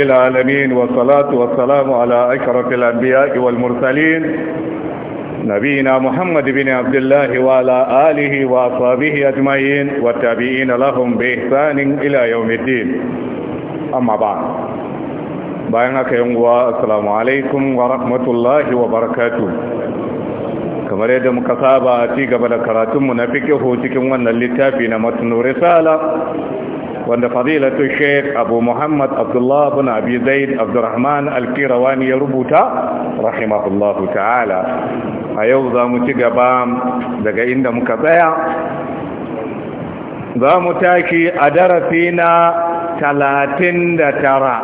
العالمين والصلاة والسلام على أشرف الأنبياء والمرسلين نبينا محمد بن عبد الله وعلى آله وأصحابه أجمعين والتابعين لهم بإحسان إلى يوم الدين أما بعد بينك يوم السلام عليكم ورحمة الله وبركاته kamar yadda muka saba a ci gaba da karatunmu na fikihu cikin wannan littafi na matnu risala wanda fadilatu sheikh abu muhammad abdullah bin abi zaid abdurrahman al ya rubuta rahimahullahu ta'ala a yau za mu ci gaba daga inda muka tsaya za mu taki a darasi na talatin da tara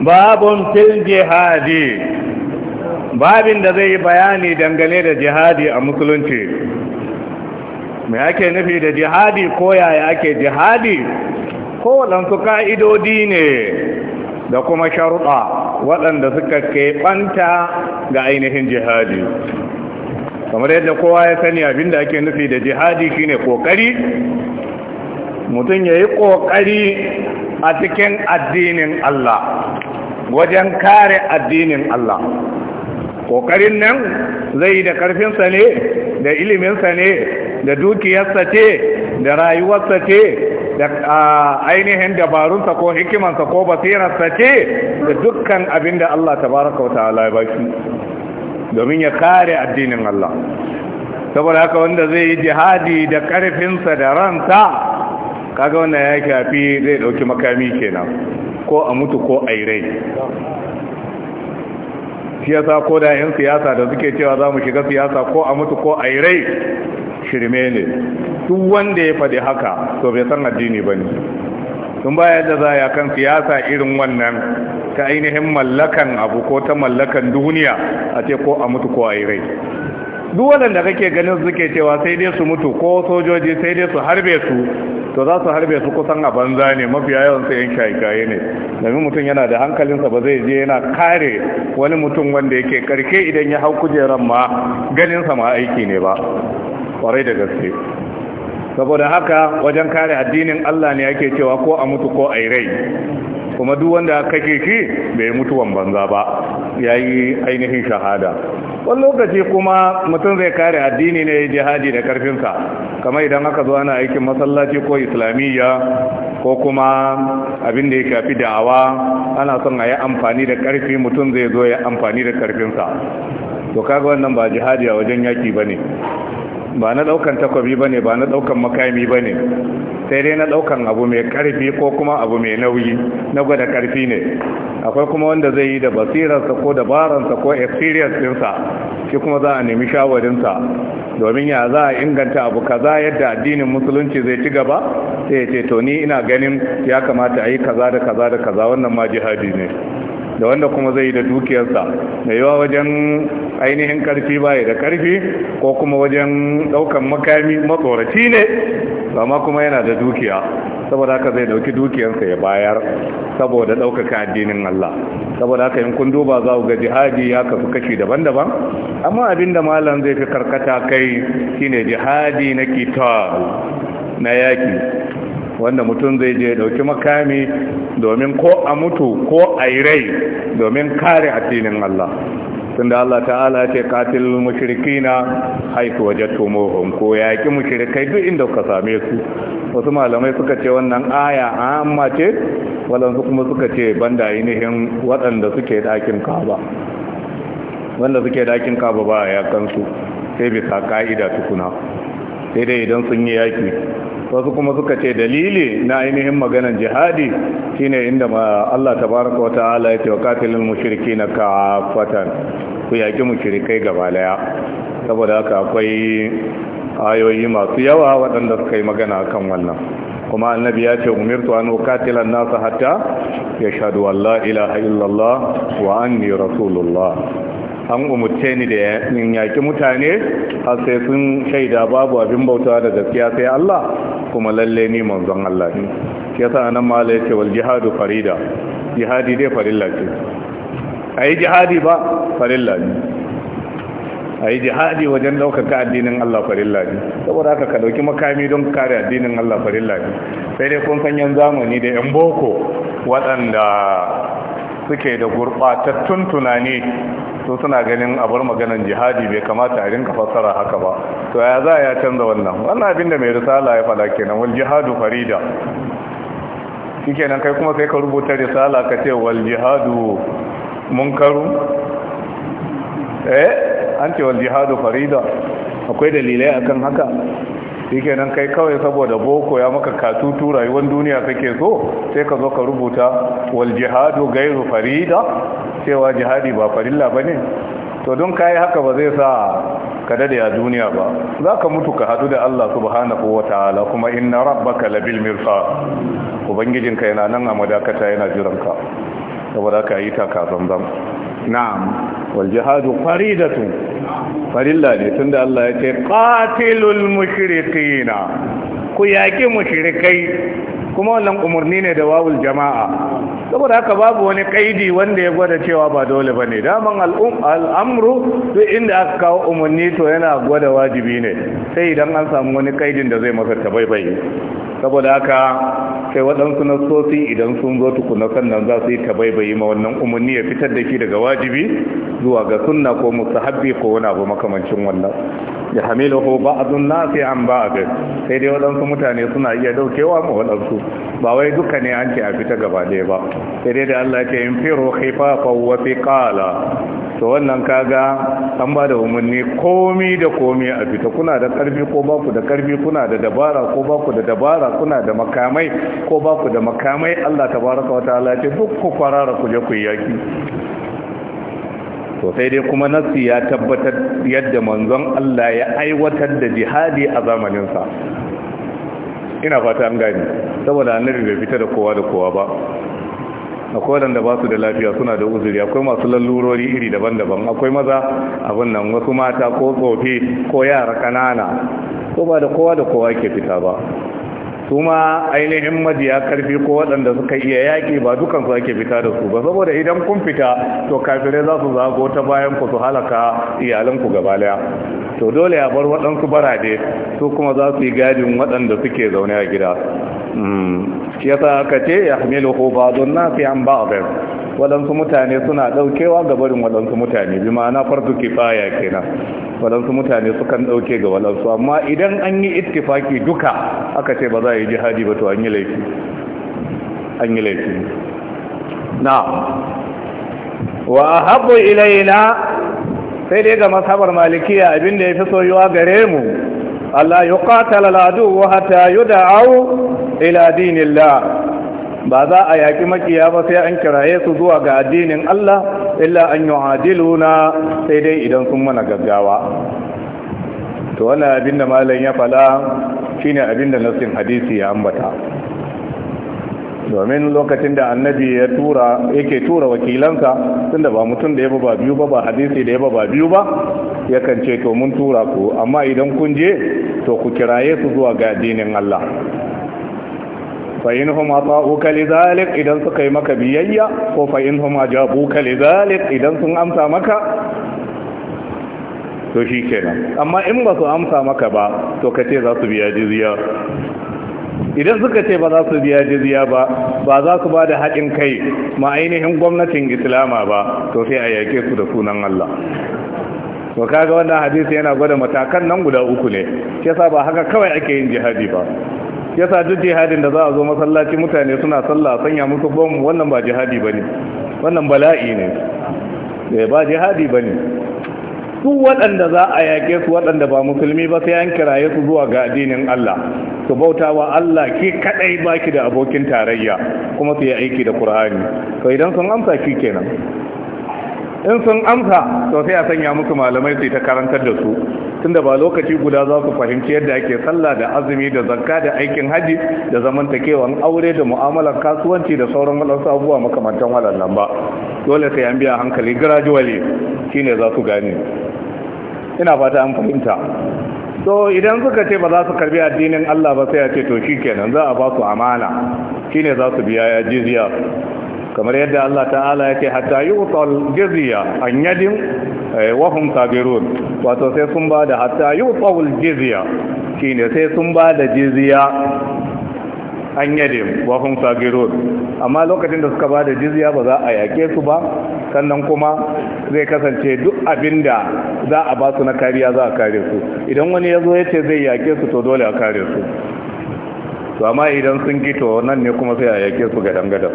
babun fil jihadi babin da zai yi bayani dangane da jihadi a musulunci me ake nufi da jihadi ko yaya ake jihadi Ko waɗansu ka'idodi ne da kuma sharuɗa waɗanda suka ɓanta ga ainihin jihadi kamar yadda kowa ya sani da ake nufi da jihadi shine ƙoƙari, mutum ya yi ƙoƙari a cikin addinin Allah wajen kare addinin Allah ƙoƙarin nan zai da ƙarfinsa ne da iliminsa ne da dukiyarsa ce da rayuwarsa ce da ainihin dabarunsa ko hikimansa ko basirarsa ce da dukkan abin da Allah baraka wa ta'ala ba baki domin ya kare addinin Allah saboda haka wanda zai yi jihadi da ƙarfinsa da ransa kaga wannan ya kafi zai ɗauki makami kenan ko a mutu ko a yi rai siyasa ko da yan siyasa da suke cewa za mu shiga siyasa ko a mutu ko a yi rai shirme ne duk wanda ya faɗi haka to bai san addini ba ne tun baya da za ya kan siyasa irin wannan ta ainihin mallakan abu ko ta mallakan duniya a ce ko a mutu ko a yi rai duk waɗanda kake ganin suke cewa sai dai su mutu ko sojoji sai dai su harbe su to za su harbe su kusan a banza ne mafiya yawan su yan shaikaye ne domin mutum yana da hankalinsa ba zai je yana kare wani mutum wanda yake karke idan ya hau kujerar ma ganinsa ma aiki ne ba kwarai da gaske saboda haka wajen kare addinin Allah ne ake cewa ko a mutu ko a yi rai kuma duk wanda kake shi bai yi mutuwan banza ba yayi ainihin shahada wani lokaci kuma mutum zai kare addini ne ya jihadi da karfinsa kama idan aka zo ana aikin masallaci ko islamiyya ko kuma abin da ya shafi da'awa ana son a yi amfani da karfi mutum zai zo ya amfani da karfinsa to kaga wannan ba jihadi a wajen yaki ba ne ba na daukan takwabi bane ba na daukan makami bane sai dai na daukan abu mai karfi ko kuma abu mai nauyi na gwada karfi ne akwai kuma wanda zai yi da basirarsa ko dabararsa ko experience ɗinsa shi kuma za a nemi shawarinsa domin ya za a inganta abu kaza yadda addinin musulunci zai ci gaba sai ya ce to ni ina ganin ya kamata a yi kaza da kaza da kaza wannan ma jihadi ne da wanda kuma zai da dukiyarsa da yawa wajen ainihin karfi baya da karfi ko kuma wajen daukan makami matsoraci ne ma kuma yana da dukiya saboda haka zai dauki dukiyarsa ya bayar saboda daukaka addinin Allah saboda haka in kun duba za ku ga jihadi ya kasu kashi daban-daban amma abinda malam zai fi karkata kai shine jihadi na kitab na yaki wanda mutum zai je dauki makami domin ko a mutu ko a yi rai domin kare addinin Allah tunda Allah ta'ala ce katil mushrikina haitu wajatumuhum ko yaki mashirkai duk inda ka same su wasu malamai suka ce wannan aya amma ce walansu kuma suka ce banda ainihin waɗanda suke ɗakin kaba wanda suke ɗakin kaba ba ya kansu sai bisa ka'ida tukuna sai dai idan sun yi yaki wasu kuma suka ce dalili na ainihin maganan jihadi shine inda Allah tabaraka wa ta'ala ya ce wa katilul mushrikina kafatan ku yaki mushrikai gaba daya saboda haka akwai ayoyi masu yawa waɗanda suka yi magana kan wannan kuma annabi ya ce umirtu an uqatila nasa hatta ya an la ilaha illallah wa anni rasulullah an umurce ni da yaƙi mutane har sai sun shaida babu abin bautawa da gaskiya sai Allah kuma lalle ni manzon Allah ne shi yasa nan ma Allah yake wal jihadu farida jihadi dai farilla ce ayi jihadi ba farilla ne ayi jihadi wajen daukar addinin Allah farilla ne saboda haka ka dauki makami don kare addinin Allah farilla ne sai dai kun san yan zamani da yan boko waɗanda suke da gurɓatattun tunani su suna ganin a bar maganan jihadi bai kamata a rinka fassara haka ba to ya za ya canza wannan wannan abin da mai risala ya fada kenan wal jihadu farida shikenan kai kuma sai ka rubuta risala ka ce wal jihadu munkaru eh an ce wal jihadu farida akwai dalilai akan haka shikenan kai kawai saboda boko ya maka katutu rayuwar duniya kake so sai ka zo ka rubuta wal jihadu gairu farida cewa jihadi ba farilla bane to don kai haka ba zai sa ka dade a duniya ba za ka mutu ka hadu da Allah subhanahu wa ta'ala kuma inna rabbaka labil mirsa ubangijinka yana nan a madakata yana jiranka saboda ka yi kafin zan na'am wal jihadu faridatu farilla ne tunda Allah ya ce qatilul mushrikin ku yaki mushrikai kuma wannan umarni ne da wawul jama'a saboda haka babu wani kaidi wanda ya gwada cewa ba dole bane daman al'amru duk inda aka kawo umarni to yana gwada wajibi ne sai idan an samu wani kaidin da zai masa tabaibai saboda haka sai waɗansu sosi idan sun zo tukuna sannan za su yi tabaibai ma wannan umarni ya fitar da shi daga wajibi zuwa ga sunna ko mustahabbi ko wani abu makamancin wannan ya hamilu ba'dun nasi an ba'd sai dai waɗansu mutane suna iya daukewa ma waɗansu ba wai duka ne an ce a fita gaba ɗaya ba sai dai da Allah ce in firo khifafan wa kala. to wannan kaga an ba da umarni komi da komi a fita kuna da karfi ko ba ku da karfi kuna da dabara ko ba ku da dabara kuna da makamai ko ba ku da makamai Allah tabaraka wa ta'ala ce duk ku farara ku je ku yaki to sai dai kuma nassi ya tabbatar yadda manzon Allah ya aiwatar da jihadi a zamaninsa ina fata an gani saboda annabi bai fita da kowa da kowa ba akwai wadanda ba su da lafiya suna da uzuri akwai masu lallurori iri daban-daban akwai maza abin nan wasu mata ko tsofi ko yara ƙanana ko ba da kowa da kowa ke fita ba kuma ainihin majiya karfi ko waɗanda suka iya yaƙi ba dukansu ake fita da su ba saboda idan kun fita to kafire za su zago ta bayan ku su halaka iyalanku gaba daya to dole ya bar waɗansu barade su kuma za su yi gadin waɗanda suke zaune a gida ya hmm. yasa aka ce ya hamilu ko ba don na fi an ba a waɗansu mutane suna ɗaukewa ga barin waɗansu mutane bi ma'ana farko kifaya kenan waɗansu mutane sukan ɗauke ga waɗansu amma idan an yi ittifaki duka aka ce ba za a yi jihadi ba to an yi laifi an yi laifi na wa haɓu ilaina sai dai ga masabar malikiya abinda ya fi soyuwa gare mu Allah yi ƙatala ladu wa hata yi da'au ila dinillah ba za a yaƙi makiya ba sai an kiraye su zuwa ga addinin Allah illa an yi adiluna sai dai idan sun mana gaggawa to wannan abin malam ya fala shine abin da nasin hadisi ya ambata domin lokacin da annabi ya tura yake tura wakilansa tunda ba mutum da ya ba biyu ba ba hadisi da ya ba biyu ba yakan ce to mun tura ku amma idan kun je to ku kiraye su zuwa ga addinin Allah fa inhum ata'uka lidhalik idan suka yi maka biyayya ko fa inhum ajabuka lidhalik idan sun amsa maka to shi kenan amma in ba su amsa maka ba to ka ce za su biya jizya idan suka ce ba za su biya jizya ba ba za su ba da haɗin kai ma ainihin gwamnatin islama ba to sai a yake su da sunan Allah to kaga wannan hadisi yana gwada matakan nan guda uku ne yasa ba haka kawai ake yin jihadi ba yasa duk jihadin da za a zo masallaci mutane suna sallah sanya musu bom wannan ba jihadi bane wannan bala'i ne eh, ba jihadi bane su waɗanda za a yaƙe su waɗanda ba musulmi ba sai an kiraye su zuwa ga addinin Allah su bauta wa Allah ke kaɗai baki da abokin tarayya kuma su yi aiki da Kur'ani to idan sun amsa shi kenan in sun amsa to sai a sanya musu malamai su ta karantar da su tunda ba lokaci guda za su fahimci yadda ake sallah da azumi da zakka da aikin hajji da zamantakewan aure da mu'amalar kasuwanci da sauran waɗansu abubuwa makamantan waɗannan ba dole sai an biya hankali gradually shine za su gane ina fata an fahimta so idan suka ce ba za su karbi addinin Allah ba sai a ce to shikenan za a ba su amana shine za su biya jizya kamar yadda Allah ta'ala ya ce hatta yu'tal jizya an yadin eh, wa hum sabirun wato sai sun ba da hatta yu'tal jizya shine sai sun ba da jizya an yade wa hum amma lokacin da suka bada jizya ba za a yake su ba sannan kuma zai kasance duk abinda za a ba su na kariya za a kare su idan wani ya zo ya ce zai yake su to dole a kare su to amma idan sun gito nan ne kuma sai a yake su gadan gadan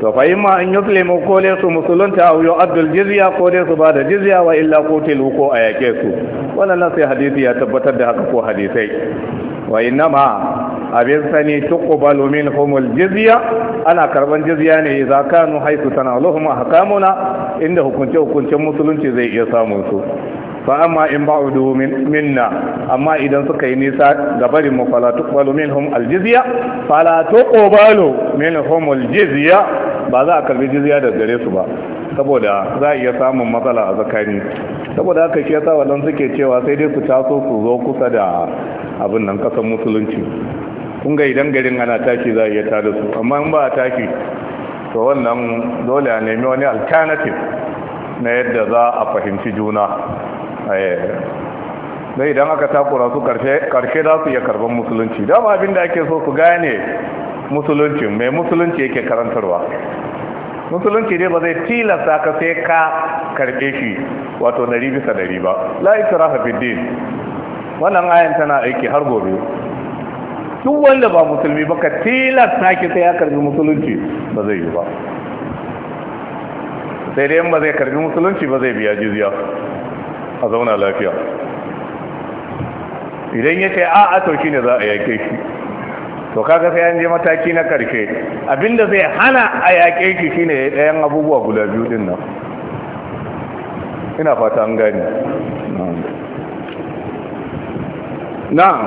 to fa imma an yuslimu ko dai su musulunta aw yu'addu jizya ko dai su bada jizya wa illa qutilu ko a yake su wannan sai hadisi ya tabbatar da haka ko hadisai wa innama abin sani tuqbalu minhum aljizya ana karban jizya ne idza kanu sana, tanaluhum ahkamuna inda hukunce hukuncen musulunci zai iya samun su fa amma in ba'udu minna amma idan suka yi nisa ga barin mu fala tuqbalu minhum aljizya fala tuqbalu minhum aljizya ba za a karbi jizya da gare su ba saboda za a iya samun matsala a tsakani saboda aka shi yasa wannan suke cewa sai dai su taso su zo kusa da abin nan kasan musulunci kun ga idan garin ana tashi za a iya tada su amma in ba a tashi to wannan dole a nemi wani alternative na yadda za a fahimci juna Sai eh, idan aka takura su karshe za su iya karban musulunci dama abin da ake so su gane musulunci mai musulunci yake karantarwa musulunci dai ba zai tilasta ka sai ka karbe shi wato dari bisa dari ba la ikraha din wannan ayan tana aiki har gobe duk wanda ba musulmi ba ka tilasta ki sai ya karbi musulunci ba zai yi ba sai dai ba zai karbi musulunci ba zai biya jizya a zauna lafiya idan ya ce a'a to ne za a yake shi to kaga sai an je mataki na karshe abinda zai hana a yaƙe shi shine ɗayan abubuwa guda biyu din nan ina fata an gani na'am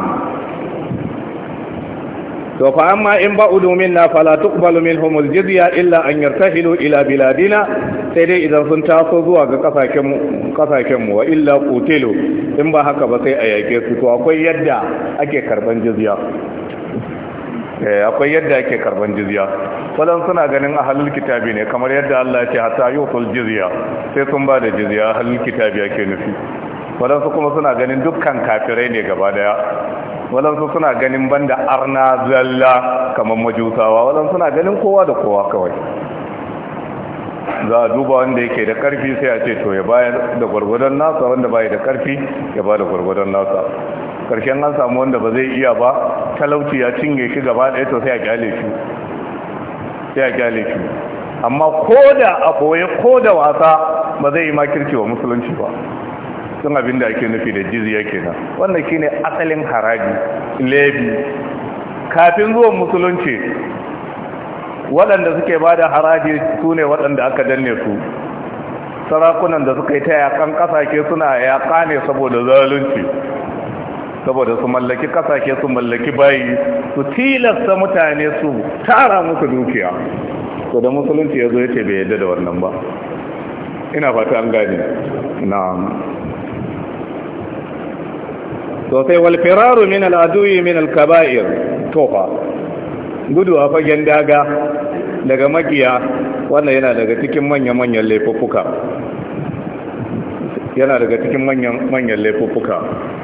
to fa amma in ba ba'udu na fala tuqbalu minhum aljizya illa an yartahilu ila biladina sai dai idan sun taso zuwa ga kasashen mu kasashen mu wa illa qutilu in ba haka ba sai a yake su to akwai yadda ake karban jizya Eh, akwai yadda ake karban jizya wadanda suna ganin a halin kitabi ne kamar yadda Allah ya hata yi yutul jizya sai sun ba da jizya halin kitabi ake nufi Wadansu kuma suna ganin dukkan kafirai ne gaba daya Wadansu suna ganin banda arna zalla kamar majusawa Wadansu suna ganin kowa da kowa kawai za a duba wanda yake da karfi sai a ce to ya bayar da gwargwadon nasa wanda bai da karfi ya ba da gwargwadon nasa karshen an samu wanda ba zai iya ba talauci ya cinye shi gaba ɗaya to sai a kyale shi sai a kyale shi amma ko da a boye ko da wasa ba zai yi makirci wa musulunci ba sun abin da ake nufi da jizya kenan wannan shine asalin haraji lebi kafin zuwan musulunci waɗanda suke ba da haraji su ne waɗanda aka danne su sarakunan da suka yi ta yakan ƙasashe suna yaƙa ne saboda zalunci saboda su mallaki kasashe su mallaki bayi su tilasta mutane su tara musu dukiya to da musulunci ya zo ya ce bai yadda da wannan ba ina fata an gani na sosai walfiraru min al'aduyi min al-kaba'ir tofa gudu a fagen daga daga makiya wannan yana daga cikin manya-manyan laifuffuka yana daga cikin manyan manyan laifuffuka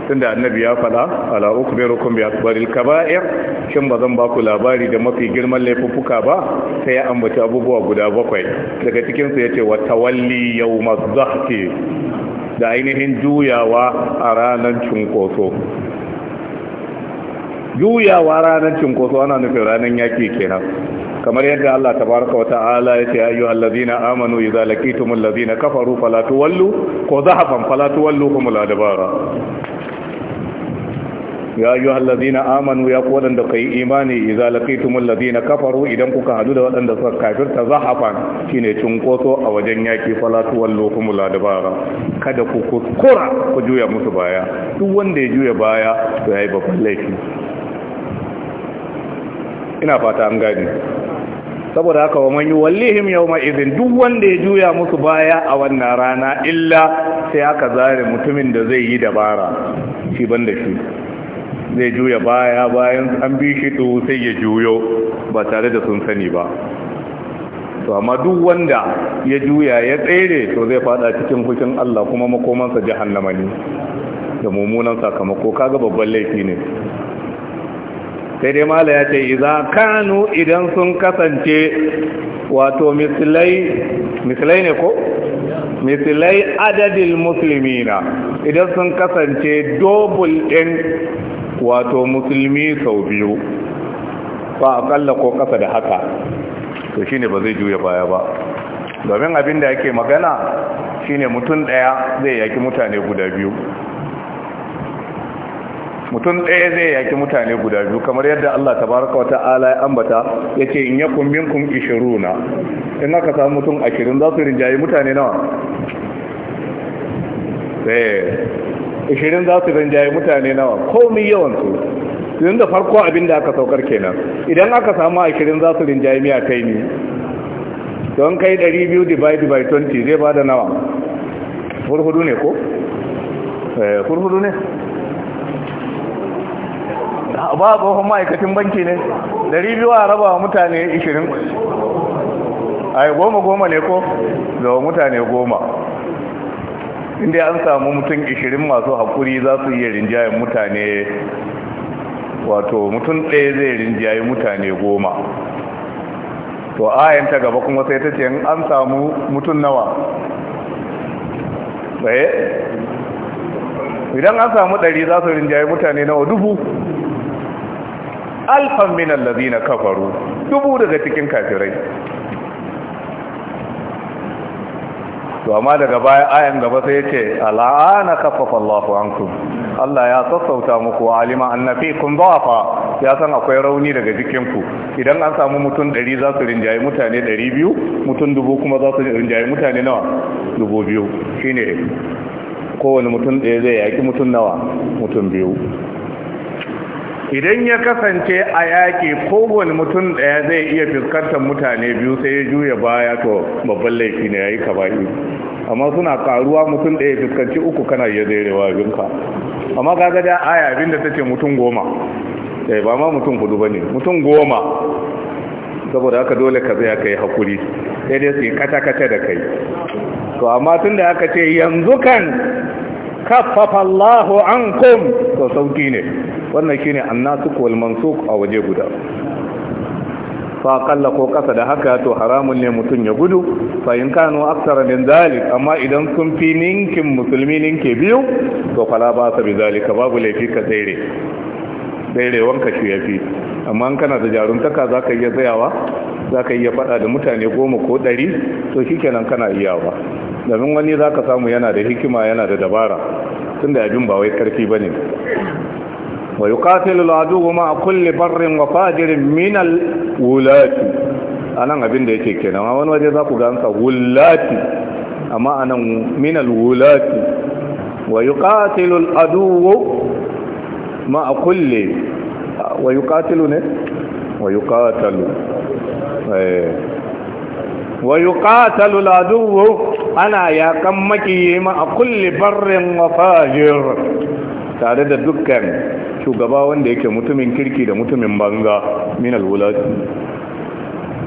tunda annabi ya fada ala ukbirukum bi akbaril kaba'ir shin bazan ba ku labari da mafi girman laifuffuka ba sai ya ambaci abubuwa guda bakwai daga cikin su yace wa tawalli yawma zahti da ainihin juyawa a ranar cunkoso juyawa ranar cinkoso ana nufin ranar yaki kenan kamar yadda Allah ta tabaraka ta'ala ya ce ayyuha allazina amanu idza laqitum allazina kafaru fala tuwallu ko zahafan fala tuwalluhum al-adbara ya ayyuha allazina amanu ya ku wadanda kai imani idza laqitum allazina kafaru idan kuka hadu da wadanda suka kafirta zahafan shine cinkoso a wajen yaki fala tuwalluhum al-adbara kada ku kuskura ku juya musu baya duk wanda ya juya baya to yayi babban laifi ina fata an gani saboda haka wa man yuwallihim yawma idhin duk wanda ya juya musu baya a wannan rana illa sai aka zare mutumin da zai yi dabara shi banda shi zai juya baya bayan an bi shi to sai ya juyo ba tare da sun sani ba to amma duk wanda ya juya ya tsere to zai fada cikin hushin Allah kuma makomansa jahannama ne da mummunan sakamako kaga babban laifi ne sai dai mala ya ce iza kanu idan sun kasance wato misilai ne ko misilai musulmi musulmina idan sun kasance dobul ɗin wato musulmi sau biyu ba kalla ko kasa da haka to shine ba zai juya baya ba domin abin da yake magana shine mutum ɗaya zai yaki mutane guda biyu mutum ɗaya zai yaki mutane guda biyu kamar yadda Allah tabaraka wa ta'ala ya ambata yace in yakum minkum 20 in aka samu mutum 20 za su rinjaye mutane nawa eh 20 za su rinjaye mutane nawa komai yawan su yanzu da farko abin da aka saukar kenan idan aka samu 20 za su rinjaye miya kai ne don kai 200 divide by 20 zai bada nawa furhudu ne ko eh ne ba a tsohon ma'aikacin banki ne Dari biyu a raba wa mutane ishirin. a yi goma goma ne ko zawo mutane goma inda an samu mutum ishirin masu haƙuri za su iya rinjayen mutane wato mutum ɗaya zai rinjaye mutane goma to ayan ta gaba kuma sai ta ce an samu mutum nawa tsaye eh? idan an samu ɗari za su rinjaye mutane nawa dubu alfan da zina kafaru dubu daga cikin kafirai to amma daga baya ayan gaba sai yace al'ana kaffafa Allahu ankum Allah ya sassauta muku alima kun zafa ya san akwai rauni daga jikinku idan an samu mutum 100 za su rinjaye mutane 200 mutum dubu kuma za su rinjaye mutane nawa 2000 shine kowane mutum ɗaya zai yaki mutum nawa mutum biyu idan ya kasance a yaƙi kowane mutum ɗaya zai iya fuskantar mutane biyu sai ya juya baya to babban laifi ne ya yi kaba'i amma suna karuwa mutum ɗaya fuskanci uku kana iya zairewa binka amma kaga da aya abinda ta ce mutum goma eh ba ma mutum hudu ba ne mutum goma saboda haka dole ka zai aka yi haƙuri sai dai su yi kata-kata da kai to amma tun da aka ce yanzu kan kafafa Allahu an kum to sauki ne wannan shine annasuk wal mansuk a waje guda fa qalla ko kasa da haka to haramun ne mutum ya gudu fa in kanu aksara min zalik amma idan sun fi ninkin musulmi ninke biyu to fala ba sa bi zalika babu laifi ka tsere tsere wanka shi yafi amma kana da jaruntaka zaka iya tsayawa zaka iya fada da mutane goma ko ɗari to shikenan kana iyawa domin wani zaka samu yana da hikima yana da dabara tunda abin ba wai karfi bane ويقاتل العدو مع كل بر وفاجر من الولاة أنا أبين دي كينا ما أنا وجد أقول أنك ولاة أما أنا من الولاة ويقاتل العدو مع كل ويقاتل ويقاتل إيه. ويقاتل العدو أنا يا كمكي مع كل بر وفاجر تعرض الدكان shugaba wanda yake mutumin kirki da mutumin banga min alwulati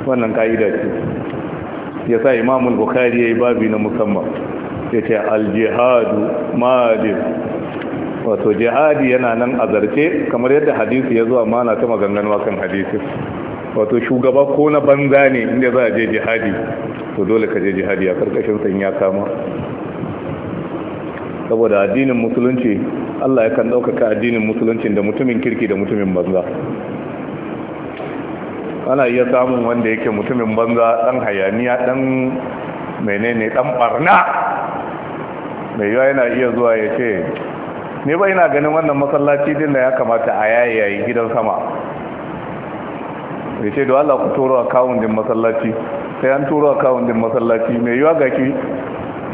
wannan ka'ida ce ya sa imamul bukhari yayi babi na musamman ce al ma malin wato jihadi yana nan a zarce kamar yadda hadisi ya zuwa mana ta maganganun kan hadisi wato shugaba ko na banza ne inda za a je jihadi to dole ka je jihadi a karkashin san ya kama saboda addinin musulunci Allah ya kan ɗaukaka addinin musulunci da mutumin kirki da mutumin banza ana iya samun wanda yake mutumin banza ɗan hayaniya ɗan menene ɗan ɓarna mai yawa yana iya zuwa ya ce ne ba ina ganin wannan masallaci din da ya kamata a yayayi gidan sama ya ce da Allah ku turo akawun din masallaci sai an turo akawun din masallaci mai yawa ga ki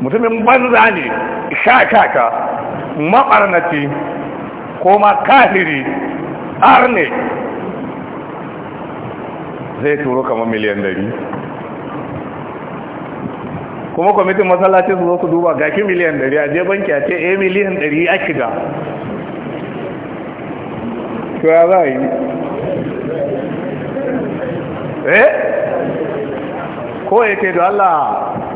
mutumin banza ne sha-sha-sha maɓarnaci ko ma kahiri arne zai turo kama miliyan dari kuma kwamitin masallaci su zo su duba gaki miliyan dari a je banki a ce eh, a miliyan dari a shiga to ya za a yi eh ko ya ce da Allah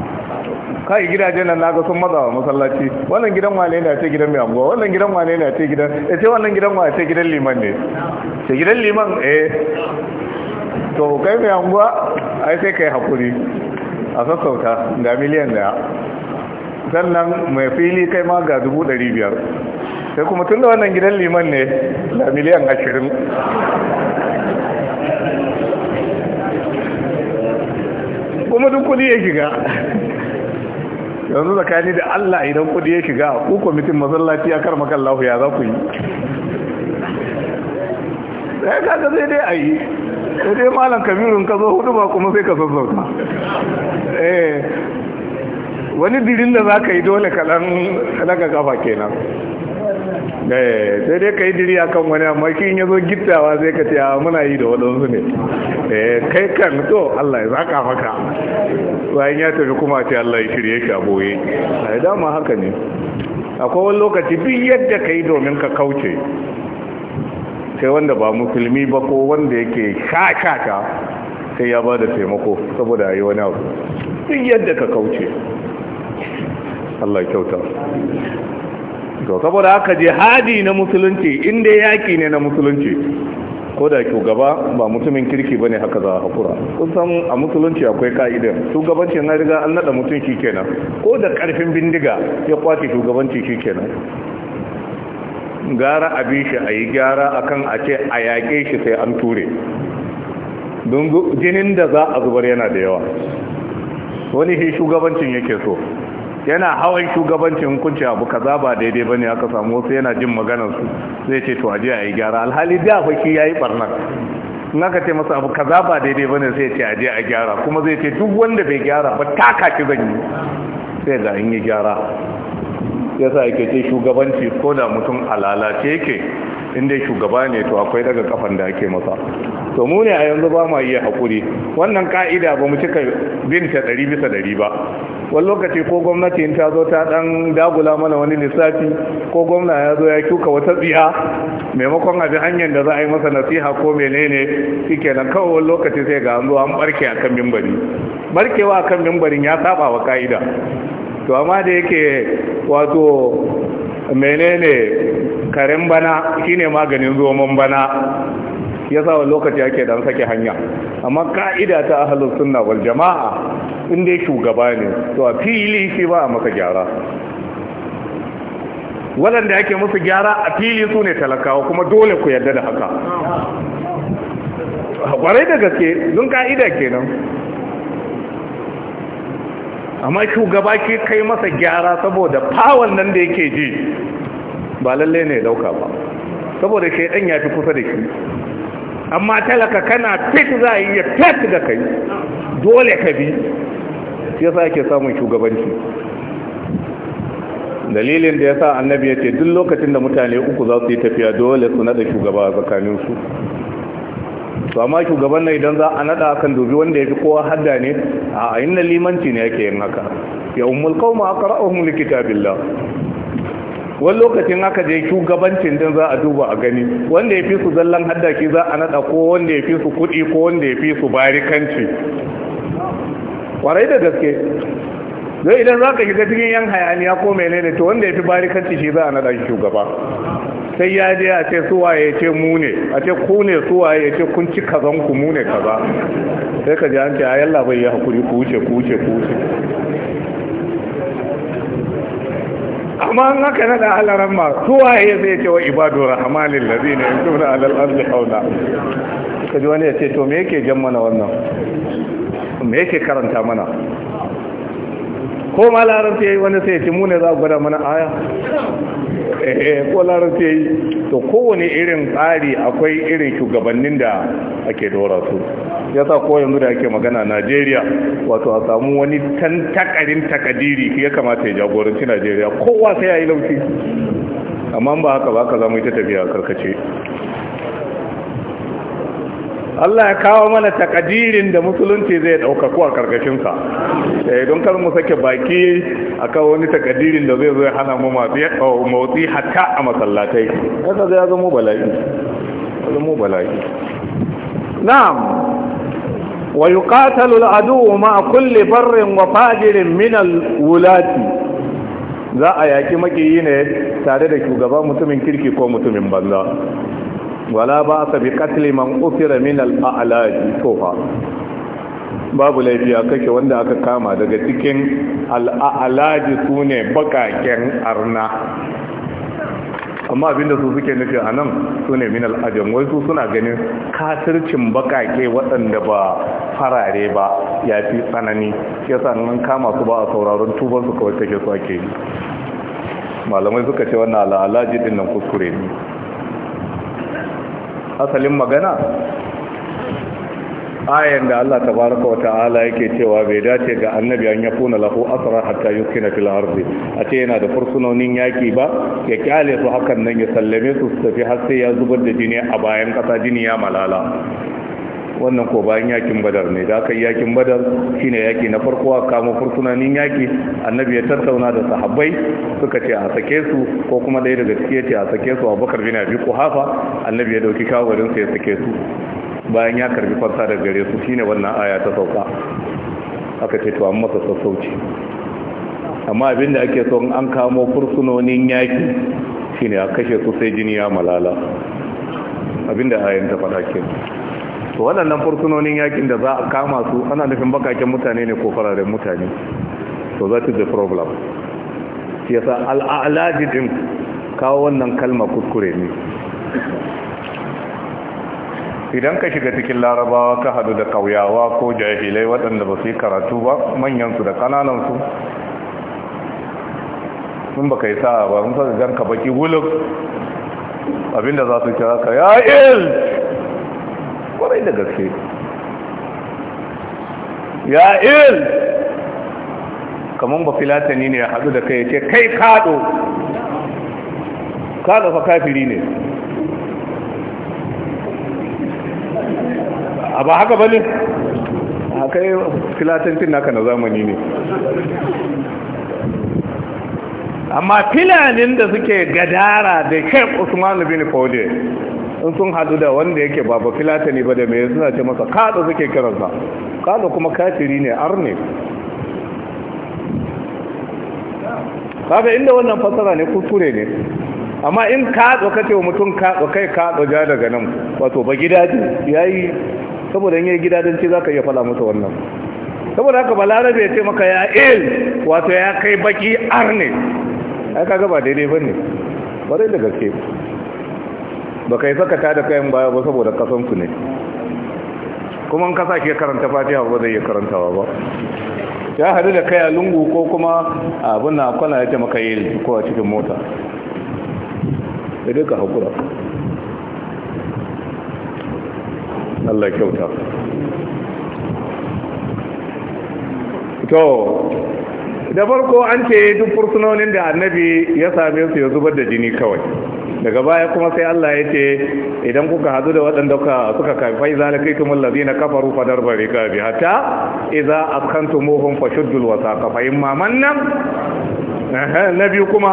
kai gidajen nan naga sun matsa wa masallaci wannan gidan wane ne ce gidan mai anguwa wannan gidan wane ne ce gidan ya ce wannan gidan wane ce gidan liman ne ce gidan liman eh to kai mai abuwa ai sai kai hakuri a sassauta ga miliyan daya sannan mai fili kai ma ga dubu ɗari biyar sai kuma tun da wannan gidan liman ne da miliyan ashirin kuma duk kudi ya shiga yanzu zakani da Allah idan kudi ya shiga ku kwamitin masallaci ya karma kan lafiya za ku yi sai ka ga zai dai a yi sai dai malam kamirin ka zo hudu ba kuma sai ka sassauta eh wani dirin da za ka yi dole kaɗan ka kafa kenan Eh, sai dai ka yi diri akan wani amma kin yi zo gittawa sai ka ce ah, muna yi da waɗansu ne eh, kai kan to Allah ya zaka maka bayan ya tafi kuma ce Allah ya shirye shi a boye a dama haka ne akwai wani lokaci duk yadda ka yi domin ka kauce sai wanda ba musulmi ba ko wanda yake shashata sai ya ba da taimako saboda a yi wani abu duk yadda ka kauce Allah ya kyauta saboda haka jihadi na musulunci inda yaki ne na musulunci ko da shugaba ba mutumin kirki bane haka za a hakura kusan a musulunci akwai ka'idar shugabancin na riga an nada mutum kenan ko da karfin bindiga ya kwace shugabanci kenan gara a bishi shi a yi gyara akan a ce a yaƙe shi sai an ture don jinin da za a zubar yana da yawa wani shi shugabancin yake so yana hawan shugabancin hukunci abu kaza ba daidai bane aka samu wasu yana jin maganar su zai ce to a je a yi gyara alhali da fa shi yayi barna in aka ce masa abu kaza ba daidai bane sai ce a je a gyara kuma zai ce duk wanda bai gyara ba taka ki zan yi sai ga in yi gyara yasa yake ce shugabanci ko da mutum alalace yake in dai shugaba ne to akwai daga kafan da ake masa to mu ne a yanzu ba ma iya hakuri wannan ka'ida ba mu cika bin ta ɗari bisa ɗari ba wani lokaci ko gwamnati in ta zo ta ɗan dagula mana wani lissafi ko gwamna ya zo ya kyuka wata tsiya maimakon a bi hanyar da za a yi masa nasiha ko menene shike nan kawai wani lokaci sai ga an zo an barke a kan mimbari barkewa a kan mimbarin ya saba wa ka'ida to amma da yake wato menene karen bana shine maganin zoman bana ya sa lokaci ake dan sake hanya amma ka'ida ta ahlus sunna wal jama'a in dai shugaba ne to a fili shi ba a masa gyara waɗanda ake musu gyara a fili su ne talakawa kuma dole ku yarda da haka kwarai da gaske don ka'ida kenan amma shugaba ke kai masa gyara saboda fawon nan da yake ji ba lalle ne dauka ba saboda shi ɗan ya fi kusa da shi amma talaka kana fit za a yi ya fit da kai dole ka bi ya sa ake samun shugabanci dalilin da ya sa annabi ya ce duk lokacin da mutane uku za su yi tafiya dole su nada shugaba a tsakaninsu to amma shugaban nan idan za a nada kan dubi wanda yafi kowa hadda ne a inna limanci ne yake yin haka ya ummul qauma aqra'uhum likitabillah wani lokacin aka je shugabancin din za a duba a gani wanda ya fi su zallan haddaki za a nada ko wanda ya fi su kuɗi ko wanda ya fi su barikanci kwarai da gaske don idan za ka shiga cikin yan hayaniya ko menene to wanda ya fi barikanci shi za a nada shugaba sai ya je a ce suwa ya ce mu ne a ce ku ne suwa ya ce kun ci kazan ku mu ne kaza sai ka ji an ce ayan labai ya hakuri ku wuce ku wuce ku wuce amma an haka na da halaran ma ya zai ce wa ibadu rahamanin lazi ne in na alal arzi hauna ka ji wani ya ce to me yake jan mana wannan me yake karanta mana ko ma larabci yi wani sai ce mu za a gwada mana aya eh ko larabci yi, to kowane irin tsari akwai irin shugabannin da ake dora su Ya sa ko yanzu da ake magana Najeriya wato a samu wani tantakarin takadiri ya kamata ya jagoranci Najeriya kowa sai yayi lauci amma ba haka ba ka zama ita yi ta tafiya karkace Allah ya kawo mana takadirin da musulunci zai ɗaukaku a karkashinsa eh, don kar mu sake baki a kawo wani takadirin da zai zo ya hana mu eh, motsi hatta a masallatai haka zai zama bala'i zama bala'i na'am wa yuqatalu al'adu ma kulli barrin wa fajirin min al-wulati za a yaki makiyi ne tare da shugaba mutumin kirki ko mutumin banza wala ba sa bi katli man usira min al-a'laji to babu laifi a kake wanda aka kama daga cikin al'a'alaji su ne bakaken arna amma abinda su suke nufi a nan su ne min al'ajin wai su suna ganin kasircin bakake waɗanda ba farare ba ya fi tsanani ya an kama su ba a sauraron tubansu kawai take su ake yi malamai suka ce wannan al'alaji ɗin nan kuskure ne asalin magana ayan da Allah tabaraka wata'ala yake cewa bai dace ga annabi an ya kuna lahu asra hatta yukina fil ardi a ce yana da fursunonin yaki ba ya kyale su hakan nan ya sallame su su tafi har sai ya zubar da jini a bayan kasa jini ya malala wannan ko bayan yakin badar ne da aka yi yakin badar shine yaki na farko a kama fursunanin yaki annabi ya tattauna da sahabbai suka ce a sake su ko kuma ɗaya daga ciki ya ce a sake su abubakar bin abi kuhafa annabi ya dauki kawarin sa ya sake su bayan ya karbi farsa daga gare su shine wannan aya ta sauka aka ce to an masa sassauci amma abin da ake so an kamo fursunonin yaki shine a kashe su sai jini ya malala abinda ayan ta faɗa kenan to waɗannan fursunonin yakin da za a kama su ana nufin bakaken mutane ne ko fararen mutane so that is the problem yasa al'alaji din kawo wannan kalma kuskure ne idan ka shiga cikin larabawa ka hadu da kauyawa ko jahilai waɗanda ba su yi karatu ba manyansu da kananansu sun ba ka yi sa'a ba sun sa ka baki wuluk abinda za su kira ka ya'il kwarai da gaske ya il kamar ba filatani ne ya haɗu da kai ce kai kaɗo kaɗo fa kafiri ne a ba haka bane a kai filatantin naka na zamani ne amma filanin da suke gadara da shek usmanu bin fode in sun hadu da wanda yake ba filata ne ba da mai suna ce masa kada suke kiransa kada kuma kafiri ne ne kaga inda wannan fasara ne kuskure ne amma in ka kace wa mutum kaɗo kai kaɗo ja daga nan wato ba gida ya yayi saboda in yayi za zaka iya faɗa masa wannan saboda haka balarabe ya ce maka ya il wato ya kai baki ne ai kaga ba daidai bane dai da gaske ba kai saka ta da kayan baya ba saboda kasansu ne kuma ka ke karanta fatiha ba zai iya karantawa ba ya hadu da kaya a lungu ko kuma abin na kwana ya ce maka yi ko a cikin mota da ka haƙura Allah kyauta to da farko an ce duk fursunonin da annabi ya same su ya zubar da jini kawai daga baya kuma sai Allah ya ce idan kuka hadu da waɗanda suka kafai zalikaitum allazina kafaru fadarba riqabi hatta idza askantumuhum fashuddul wasaqa fa imma mannan na biyu kuma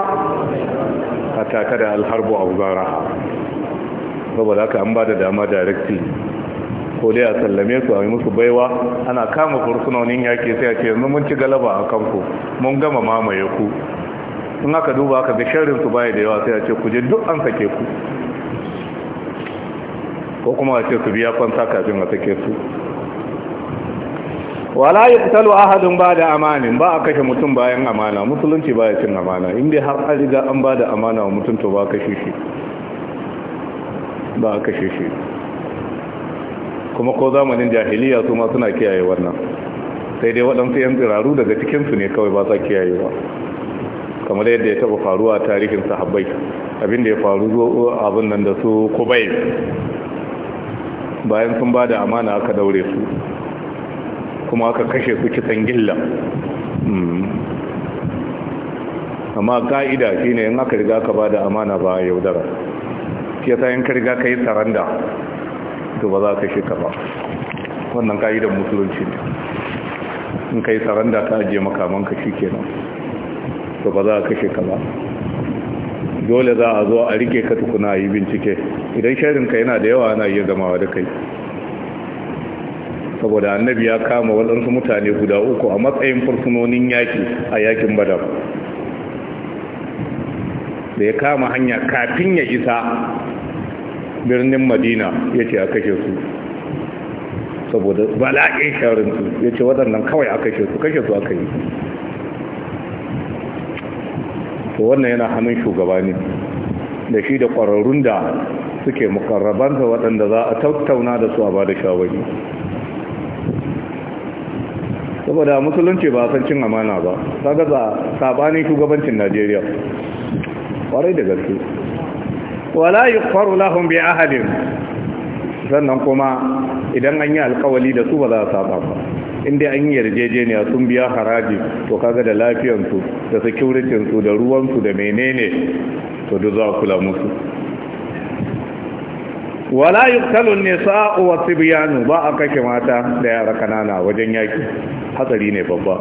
hatta kada aw zaraha saboda haka an bada dama directly ko dai a sallame su a yi musu baiwa ana kama fursunonin yaƙi sai a ce yanzu mun ci galaba a kanku mun gama mamaye ku in aka duba aka ga sharrin su baya da yawa sai a ce ku je duk an sake ku ko kuma a ce su biya kwanta kafin a sake su wala ahadin ba ba'da amani, ba a kashe mutum bayan amana musulunci baya cin amana inda har an riga an ba da amana wa mutum to ba kashe shi ba a kashe shi kuma ko zamanin jahiliya su ma suna kiyaye wannan sai dai waɗansu yan tsiraru daga cikinsu ne kawai ba sa kiyayewa kamar yadda ya taba faruwa a tarihin sahabbai abinda ya faru abin nan da su kubai bayan sun ba da amana aka daure su kuma aka kashe su kitan gilla hmm. amma ka'ida shine in aka riga ka ba da amana ba yaudara ya sa in ka riga ka yi saranda to ba za ka shi ka ba wannan ka'idan musulunci ne in ka yi saranda ta ajiye makamanka shi kenan to ba za a kashe ka ba dole za a zo a rike ka tukuna a yi bincike idan ka yana da yawa ana iya zamawa da kai saboda annabi ya kama waɗansu mutane guda uku a matsayin fursunonin yaki a yakin badar da ya kama hanya kafin ya isa birnin madina ya ce a kashe su saboda bala'in su, ya ce waɗannan kawai a kashe su kashe su aka yi to wannan yana hannun shugaba ne da shi da ƙwararrun da suke mukarrabansa waɗanda za a tattauna da su a ba da shawari saboda musulunci ba san cin amana ba ta gaza sabanin shugabancin najeriya ƙwarai da gaske wala yi faru lahun biya ahadin sannan kuma idan an yi alkawali da su ba za a saba ba inda an yi yarjejeniya sun biya haraji to kaga da lafiyansu da securitinsu da ruwansu da menene to duk za kula musu wala yuktalu nisa'u wa tibyanu ba a kake mata da yara kanana wajen yaki hatsari ne babba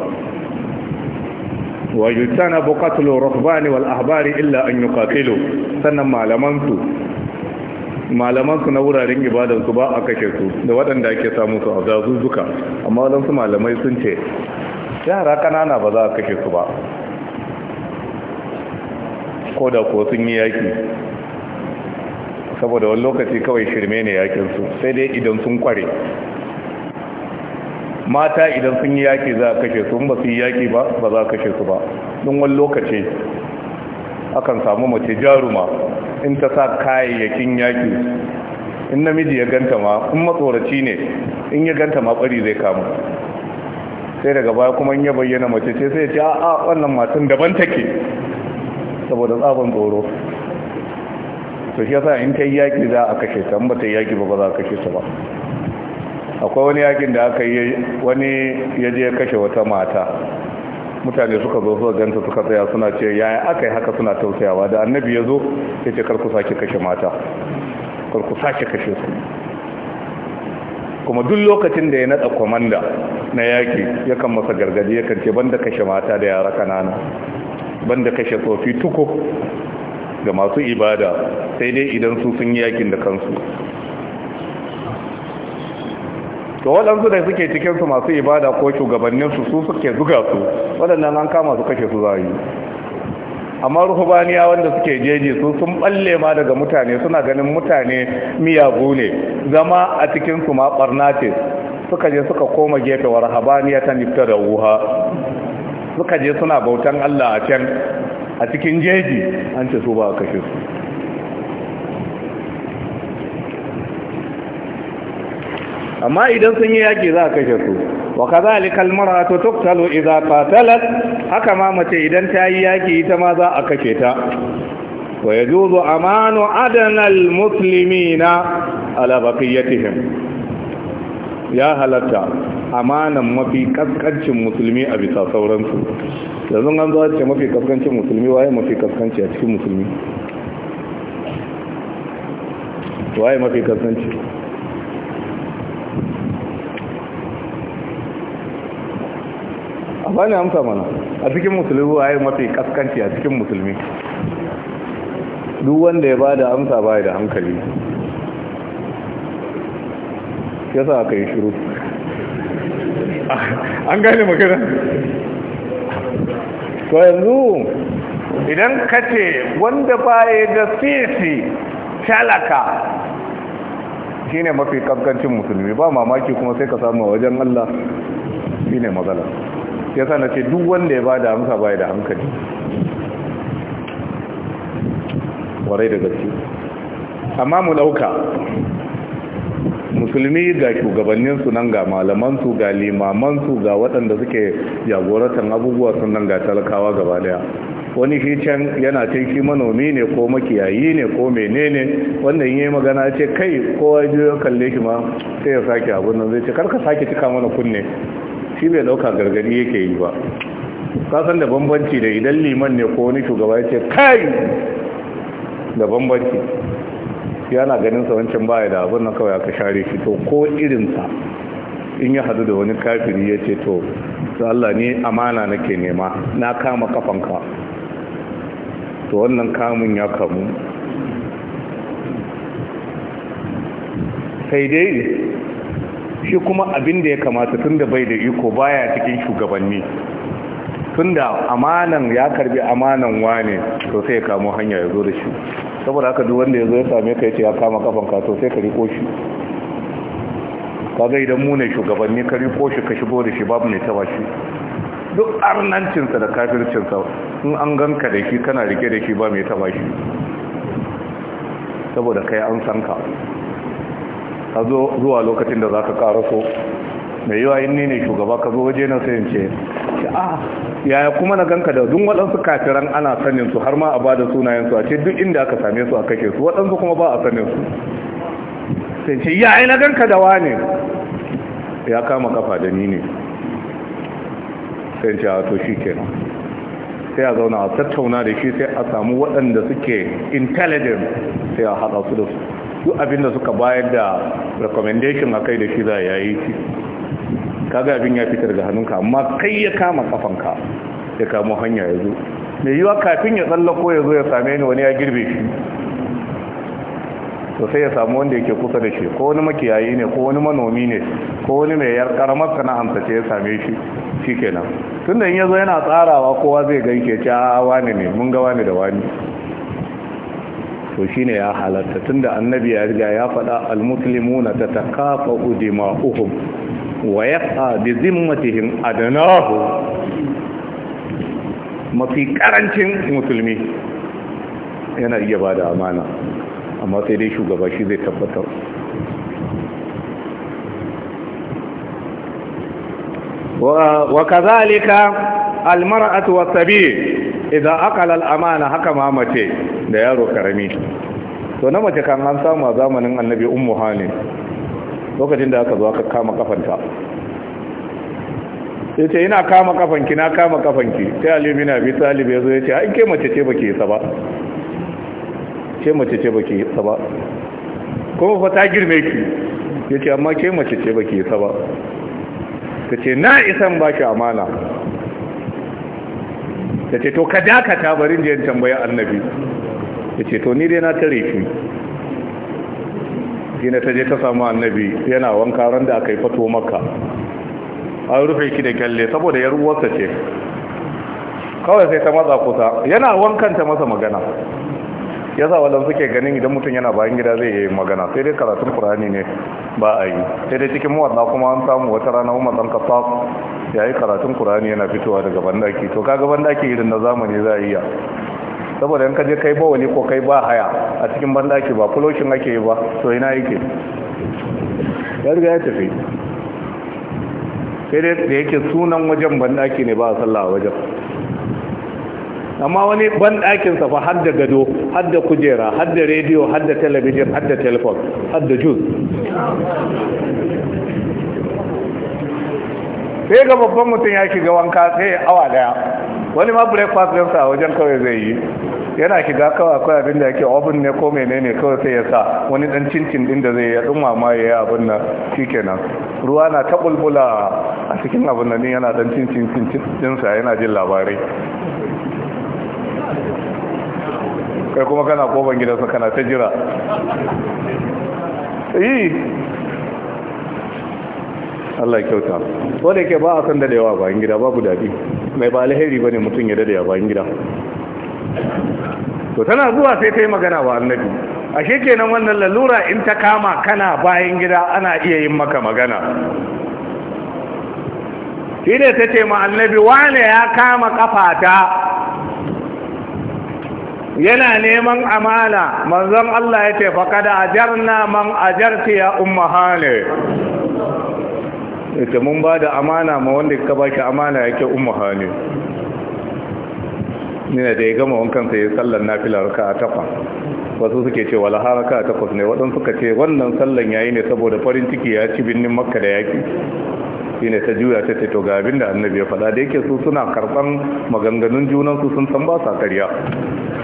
wa yutana buqatlu ruhbani wal ahbari illa an yuqatilu sannan malaman su malaman su na wuraren ibadar su ba a kashe su da waɗanda ake samu su a zazuzzuka amma waɗansu malamai sun ce yara ƙanana ba za a kashe su ba ko da ko sun yi yaki saboda wani lokaci kawai shirme ne su sai dai idan sun kware mata idan sun yi yaki za a kashe su ba su yi yaki ba ba za a kashe su ba don wani lokaci akan samu mace jaruma in ta sa kayayyakin yaƙi, in namiji ya ganta ma in matsoraci ne in ya ganta ma ɓari zai kamu sai daga baya kuma in ya bayyana mace ce sai ya ce a wannan matan daban take saboda tsabon tsoro to shi yasa in ta yi yaƙi za a kashe ta ba ta yi yaƙi ba ba za a kashe ta ba akwai wani yaƙin da aka yi wani ya je kashe wata mata mutane suka zo suka ganta suka tsaya suna ce yaya aka yi haka suna tausayawa da annabi ya zo ya ce karku sake kashe mata karku sake kashe su kuma duk lokacin da ya naɗa kwamanda na yaƙi yakan masa gargadi yakan ce banda kashe mata da yara kanana banda kashe tsofi tuko ga masu ibada sai dai idan su sun yakin da kansu da waɗansu da suke cikinsu masu ibada ko shugabanninsu su suke zuga su waɗannan an kama su kashe su zayi amma ruhubaniya wanda suke jeji su sun balle ma daga mutane suna ganin mutane miyagu ne zama a cikinsu ma ɓarna ce suka je suka koma gefe wa rahabaniya ta nifta da wuha suka je suna bautan allah a can a cikin jeji an ce su ba a kashe su amma idan sun yi yaƙi za a kashe su wa kazalika almar'atu tuqtalu idza qatalat haka ma mace idan ta yi yaƙi ita ma za a kashe ta wa yajuzu amanu adanal almuslimina ala baqiyatihim ya halatta amanan mafi kaskancin musulmi a bisa sauransu yanzu an zo ce mafi kaskancin musulmi waye mafi kaskanci a cikin musulmi waye mafi kaskanci a bani amsa mana a cikin musulmi yi mafi kaskanci a cikin musulmi duk wanda ya ba da amsa ba da hankali ya sa aka yi shiru an gane magana to yanzu idan ka ce wanda baya da fesi talaka shine mafi kaskancin musulmi ba mamaki kuma sai ka samu wajen Allah shine matsala ya sa na ce duk wanda ya ba da amsa baya da hankali warai da gaske amma mu dauka musulmi ga shugabanninsu nan ga malamansu ga limamansu ga waɗanda suke jagorantar abubuwa sun nan ga talakawa gaba daya wani shi yana taiki manomi ne ko makiyayi ne ko menene wannan yi magana ce kai kowa biyu ya kalle shi ma sai ya sake abun nan zai ce karka sake cika mana kunne shi bai dauka gargadi yake yi ba kasan da bambanci da idan liman ne ko wani shugaba ya ce kai da bambanci yana ganin sa wancan baya da abin na kawai aka share shi to ko irinsa in ya hadu da wani kafiri ya ce to su Allah ne amana nake nema na kama kafan ka. to wannan kamun ya kamu sai dai shi kuma abin da ya kamata tun da bai da iko baya cikin shugabanni tun da amanan ya karbi amanan wane to sai ya kamo hanya ya zo da shi saboda haka duk wanda ya zo ya same ka ce ya kama ka to sai ka riko shi kaga idan mu ne shugabanni ka riko shi ka shigo da shi babu mai taba shi duk arnancinsa da sa in an ganka da shi kana rike da shi ba mai taba shi saboda kai an san ka Ka zo zuwa lokacin da za ka so mai yiwa in ne shugaba ka zo waje na sayan ce ah, yaya kuma na ganka da dun waɗansu kafiran ana sanin su har ma a bada sunayen su a ce duk inda aka same su a kake su waɗansu kuma ba a sanin su sai ce yaya na ganka da wane ya kama kafa da ni ne sai ce a to shi kenan sai a zauna a tattauna da shi sai a samu waɗanda suke intelligent sai a haɗa su da su duk abinda suka bayar da recommendation a kai da shi za ya yi kaga abin ya fitar da hannunka amma kai ya kama kafanka ya kamo hanya ya zo mai yiwa kafin ya tsallako ya zo ya same ni wani ya girbe shi to sai ya samu wanda yake kusa da shi ko wani makiyayi ne ko wani manomi ne ko wani mai yar karamar sana'arsa ce ya same shi shikenan tunda in yazo yana tsarawa kowa zai ganke ce a wani ne mun ga wani da wani to shine ya halatta tunda annabi ya riga ya faɗa almuslimuna tatakafa'u dima'uhum wa yaqa bi zimmatihim adanahu mafi karancin musulmi yana iya bada amana amma sai dai shugaba shi zai tabbatar wa kazalika almar'atu wasabi idan akalal amana haka ma mace da yaro karami to na mace kan an samu a zamanin annabi ummu hanin lokacin da aka zo aka kama kafanta ya ce ina kama kafanki na kama kafanki sai alibi na bi talib ya zo ya ce ai ke mace ce baki isa ba ke mace ce baki isa ba kuma fa ta girme ki ya ce amma ke mace ce baki isa ba ta ce na isan ba ki amana ta ce to ka dakata barin jiyan tambayin annabi ya ce to ni dai na tare shi gina ta je ta samu annabi yana wanka ran da aka yi fato maka an rufe ki da kyalle saboda yar uwarsa ce kawai sai ta matsa kusa yana wankanta masa magana ya sa wadanda suke ganin idan mutum yana bayan gida zai yi magana sai dai karatun kurani ne ba a yi sai dai cikin mawadda kuma an samu wata rana umar ɗan kasa Ya yi karatun Kur'ani yana fitowa daga bandaki to kaga bandaki irin na zamani za a iya saboda in ka je kai ba wani ko kai ba haya a cikin bandaki ba kuloshin ake yi ba to ina yake ya riga ya tafi sai da yake sunan wajen bandaki ne ba a salla a wajen amma wani banɗakinsa fa har da gado har da kujera har da rediyo har da talabijin har da telefon har da jus sai ga babban mutum ya shiga wanka sai ya awa daya wani ma breakfast din sa wajen kawai zai yi yana shiga kawai akwai abin da yake oven ne ko menene kawai sai ya sa wani dan cincin din da zai ya ma ya yi abin nan ruwa na ta bulbula a cikin abin nan yana dan cincin cincin din yana jin labarai kai kuma kana koban gidansa kana ta jira yi Allah kyauta wanda yake ba a san dadewa bayan gida babu dadi mai ba alheri bane mutum ya dade a bayan gida to tana zuwa sai ta yi magana wa annabi ashe kenan wannan lalura in ta kama kana bayan gida ana iya yin maka magana shi ne ta ce ma annabi wane ya kama kafata yana neman amana manzon Allah ya ce faqad ajarna man ajarti ya umma yace mun ba da amana ma wanda ka baki amana ke ummu hannu nina da ya gama wankan na sallan nafila a takwas wasu suke ce wala haraka takwas ne waɗansu suka ce wannan tsallon yayi ne saboda farin ciki ya ci binnin makka da yaki ne ta juya ta ce to ga abin da annabi ya faɗa da yake su suna karɓan maganganun junan su sun san ba sa karya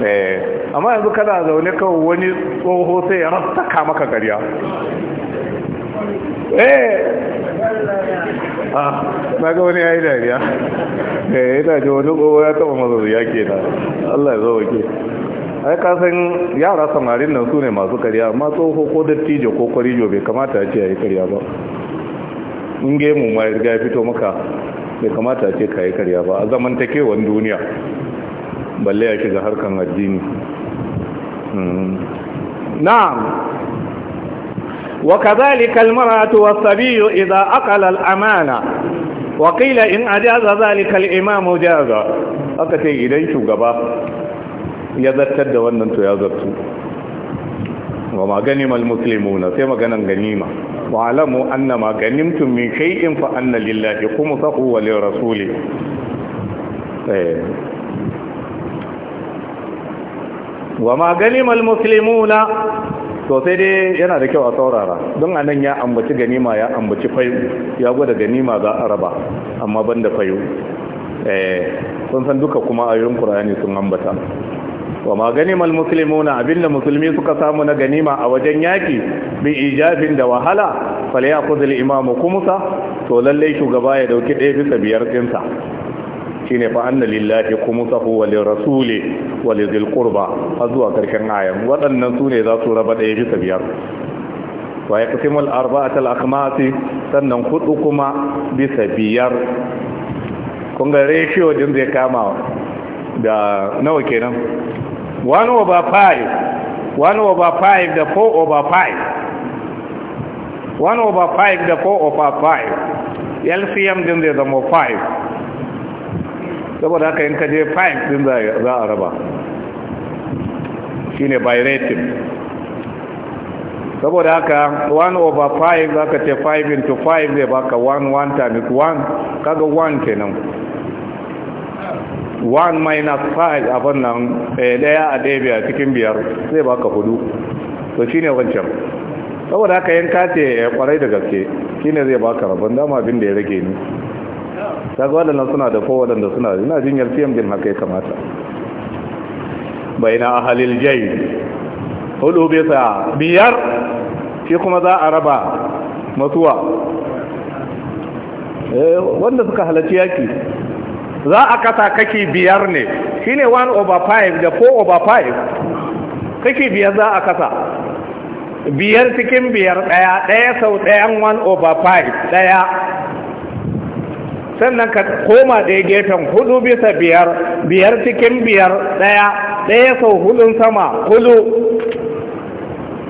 eh, amma yanzu kana zaune kawai wani tsoho sai ya rasta maka karya eh ah na ga wani yi dariya eh yana ji wani gowa ya taba ke na Allah ya zo wake ai ka san yara samarin nan su ne masu karya amma tsoho ko dattijo ko kwarijo bai kamata a ce yi karya ba in gemu ma ya riga ya fito maka bai kamata a ce ka yi karya ba a wani duniya balle ya shiga harkan addini hmm. na'am وكذلك المرأة والصبي إذا أقل الأمانة وقيل إن أجاز ذلك الإمام جاز أكتي إليه شغبا يذتد وأنت يذتد وما غنم المسلمون سيما غنم غنيمة واعلموا أن ما غنمتم من شيء فأن لله خمسه وللرسول وما غنم المسلمون to sai dai yana da kyau a saurara don anan ya ambaci ganima ya ambaci fayu ya gwada ganima za a raba amma ban da fayu sun eh, san duka kuma ayoyin qur'ani sun ambata wa ma ganimal muslimuna abinda musulmi suka samu na ganima a wajen yaki bi ijabin da wahala fal ya'khudh imamu imam to lallai shugaba ya dauki ɗaya bisa biyar ɗinsa shi ne fa’an da lillahi kuma safu wale rasuli wale zilkurba a zuwa ƙarshen ayan waɗannan su ne za su raba ɗaya bisa biyar wa ya kusa mul a talakamasi sannan kuɗu kuma bisa biyar kun ga rashiyo din zai kama da nawa kenan one over five one over five da four over five one over five da four over five lcm din zai zama five saboda haka yin kaje fine din za a raba shine by rating saboda haka 1 over 5 za ka ce 5 into 5 zai baka 1 1 times 1 kaga 1 kenan 1 minus 5 abin nan daya eh, a daya biya cikin biyar zai baka hudu to shine wancan saboda haka yin kace kwarai eh, da gaske shine zai baka rabon dama abin da ya rage ni kaga waɗannan suna da ko waɗanda suna da ina jin yarfiyan bin haka ya kamata bayna ahalil jai hudu bisa biyar shi kuma za a raba masuwa eh, wanda suka halarci yaki za a kasa kaki biyar ne shi ne 1 over 5 da 4 over 5 kaki biyar za a kasa biyar cikin biyar daya daya sau dayan 1 over 5 daya sannan ka koma da gefen hudu bisa biyar biyar cikin biyar daya daya sau hudun sama hudu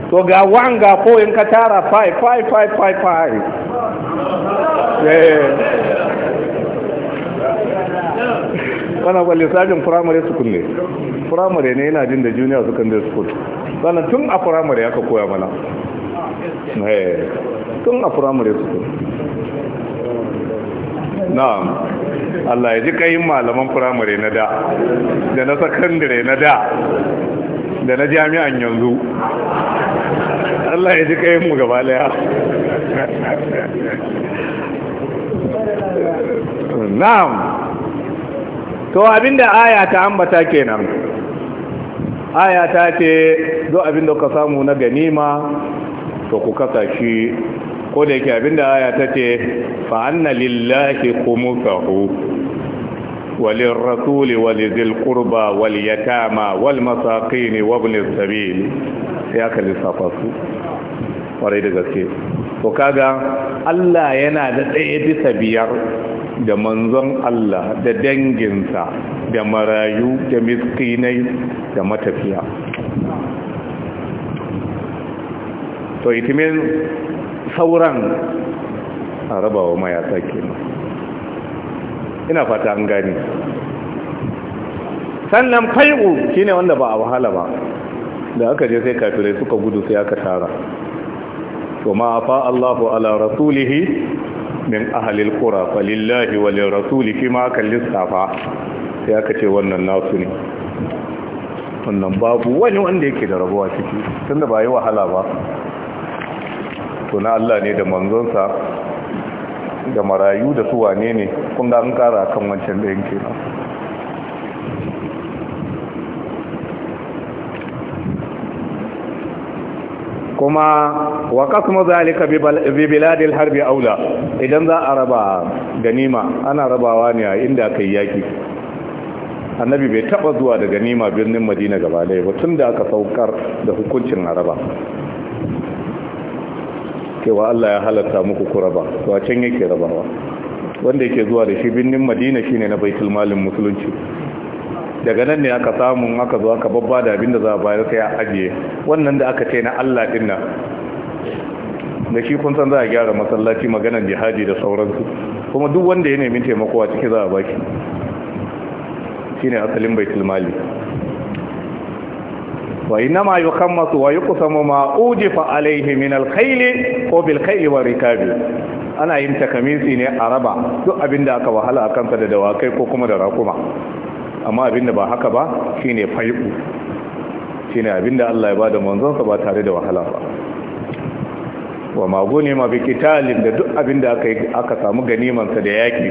to ga wanga ko in ka tara 5 5 5 5 5 kana ba sajin firamare su kulle firamare ne yana jin da junior secondary school sannan tun a firamare aka koya mana eh. tun a firamare su kulle na'am Allah ya ji kayin malaman firamare na da da na sakandare na da da na jami'an yanzu Allah ya ji kayan mu gaba daya na'am to abinda aya ta ambata kenan aya ta ce zo abinda ka samu na ganima to ku kasa shi ko da yake abinda aya ta ce fa anna lillahi khumsahu walil rasuli walizil qurba wal yatama wal masaqin wa sabil sai aka lissafa su kwarai da gaske to kaga Allah yana da ɗaya bisa biyar da manzon Allah da danginsa da marayu da miskinai da matafiya to itimin sauran a rabawa mayasa kenan ina fata an gani sannan fai'u shine wanda ba a wahala ba da aka je sai kafirai suka gudu sai aka tara to ma fa Allahu ala rasulihi min ahli alqura falillahi walil rasuli ma lissafa sai aka ce wannan nasu ne wannan babu wani wanda yake da rabuwa ciki tunda ba yi wahala ba to Allah ne da manzonsa da marayu da su wane ne kun da an kara kan wancan da yanke na kuma wa kasmu bi biladil harbi aula idan za a raba ganima ana rabawa ne a inda kai yaki annabi bai taɓa zuwa da ganima birnin madina gabalai ba tun da aka saukar da hukuncin araba cewa Allah ya halatta muku ku raba to a can yake rabawa wanda yake zuwa da shi binnin Madina shine na baitul malin musulunci daga nan ne aka samu aka zo aka babba da abinda za a bayar sai a ajiye wannan da aka ce na Allah din nan da shi kun san za a gyara masallaci maganar jihadi da sauransu kuma duk wanda ya nemi taimako a ciki za a baki shine asalin baitul mali وإنما يخمص ويقسم ما أوجف عليه من الخيل وبالخيل والركاب ana yin takamisi ne a raba duk abinda aka wahala a kansa da dawakai ko kuma da rakuma amma abinda ba haka ba shine faiku shine abinda Allah ya bada manzonsa ba tare da wahala ba wa maguni ma bikitalin da duk abinda aka aka samu ganimansa da yaki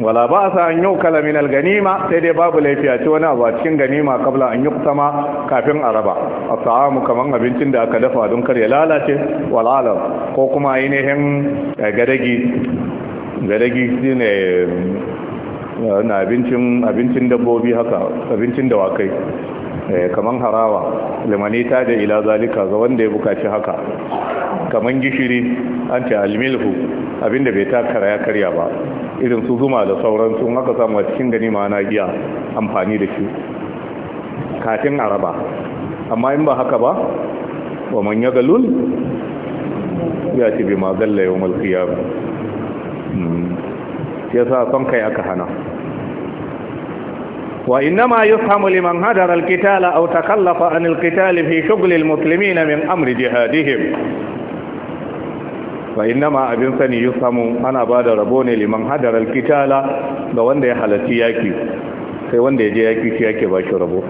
wala ba sa an yau kala min alganima sai dai babu laifi a ci wani abu a cikin ganima kabla an yi sama kafin a raba a sa'amu kaman abincin da aka dafa don kar ya lalace walalar ko kuma ainihin eh, gadagi gadagi shine eh, na abincin abincin dabbobi haka abincin wakai eh, kaman harawa limanita da ila zalika ga wanda ya bukaci haka kaman gishiri an ce almilhu abinda bai takara ya karya ba irin su zuma da sauransu in aka samu a cikin gani ma na iya amfani da shi kafin araba amma in ba haka ba wa man ya galul ya ce bi ma zalla yau malkiyar hmm. ya sa son kai aka hana Wa وإنما يفهم لمن هدر القتال أو تخلف عن القتال في شغل المسلمين من أمر جهادهم fa ma abin sani yusamu ana bada rabo ne liman hadaral kitala ga wanda ya halarci yaki sai wanda ya je yaki shi yake ba shi rabo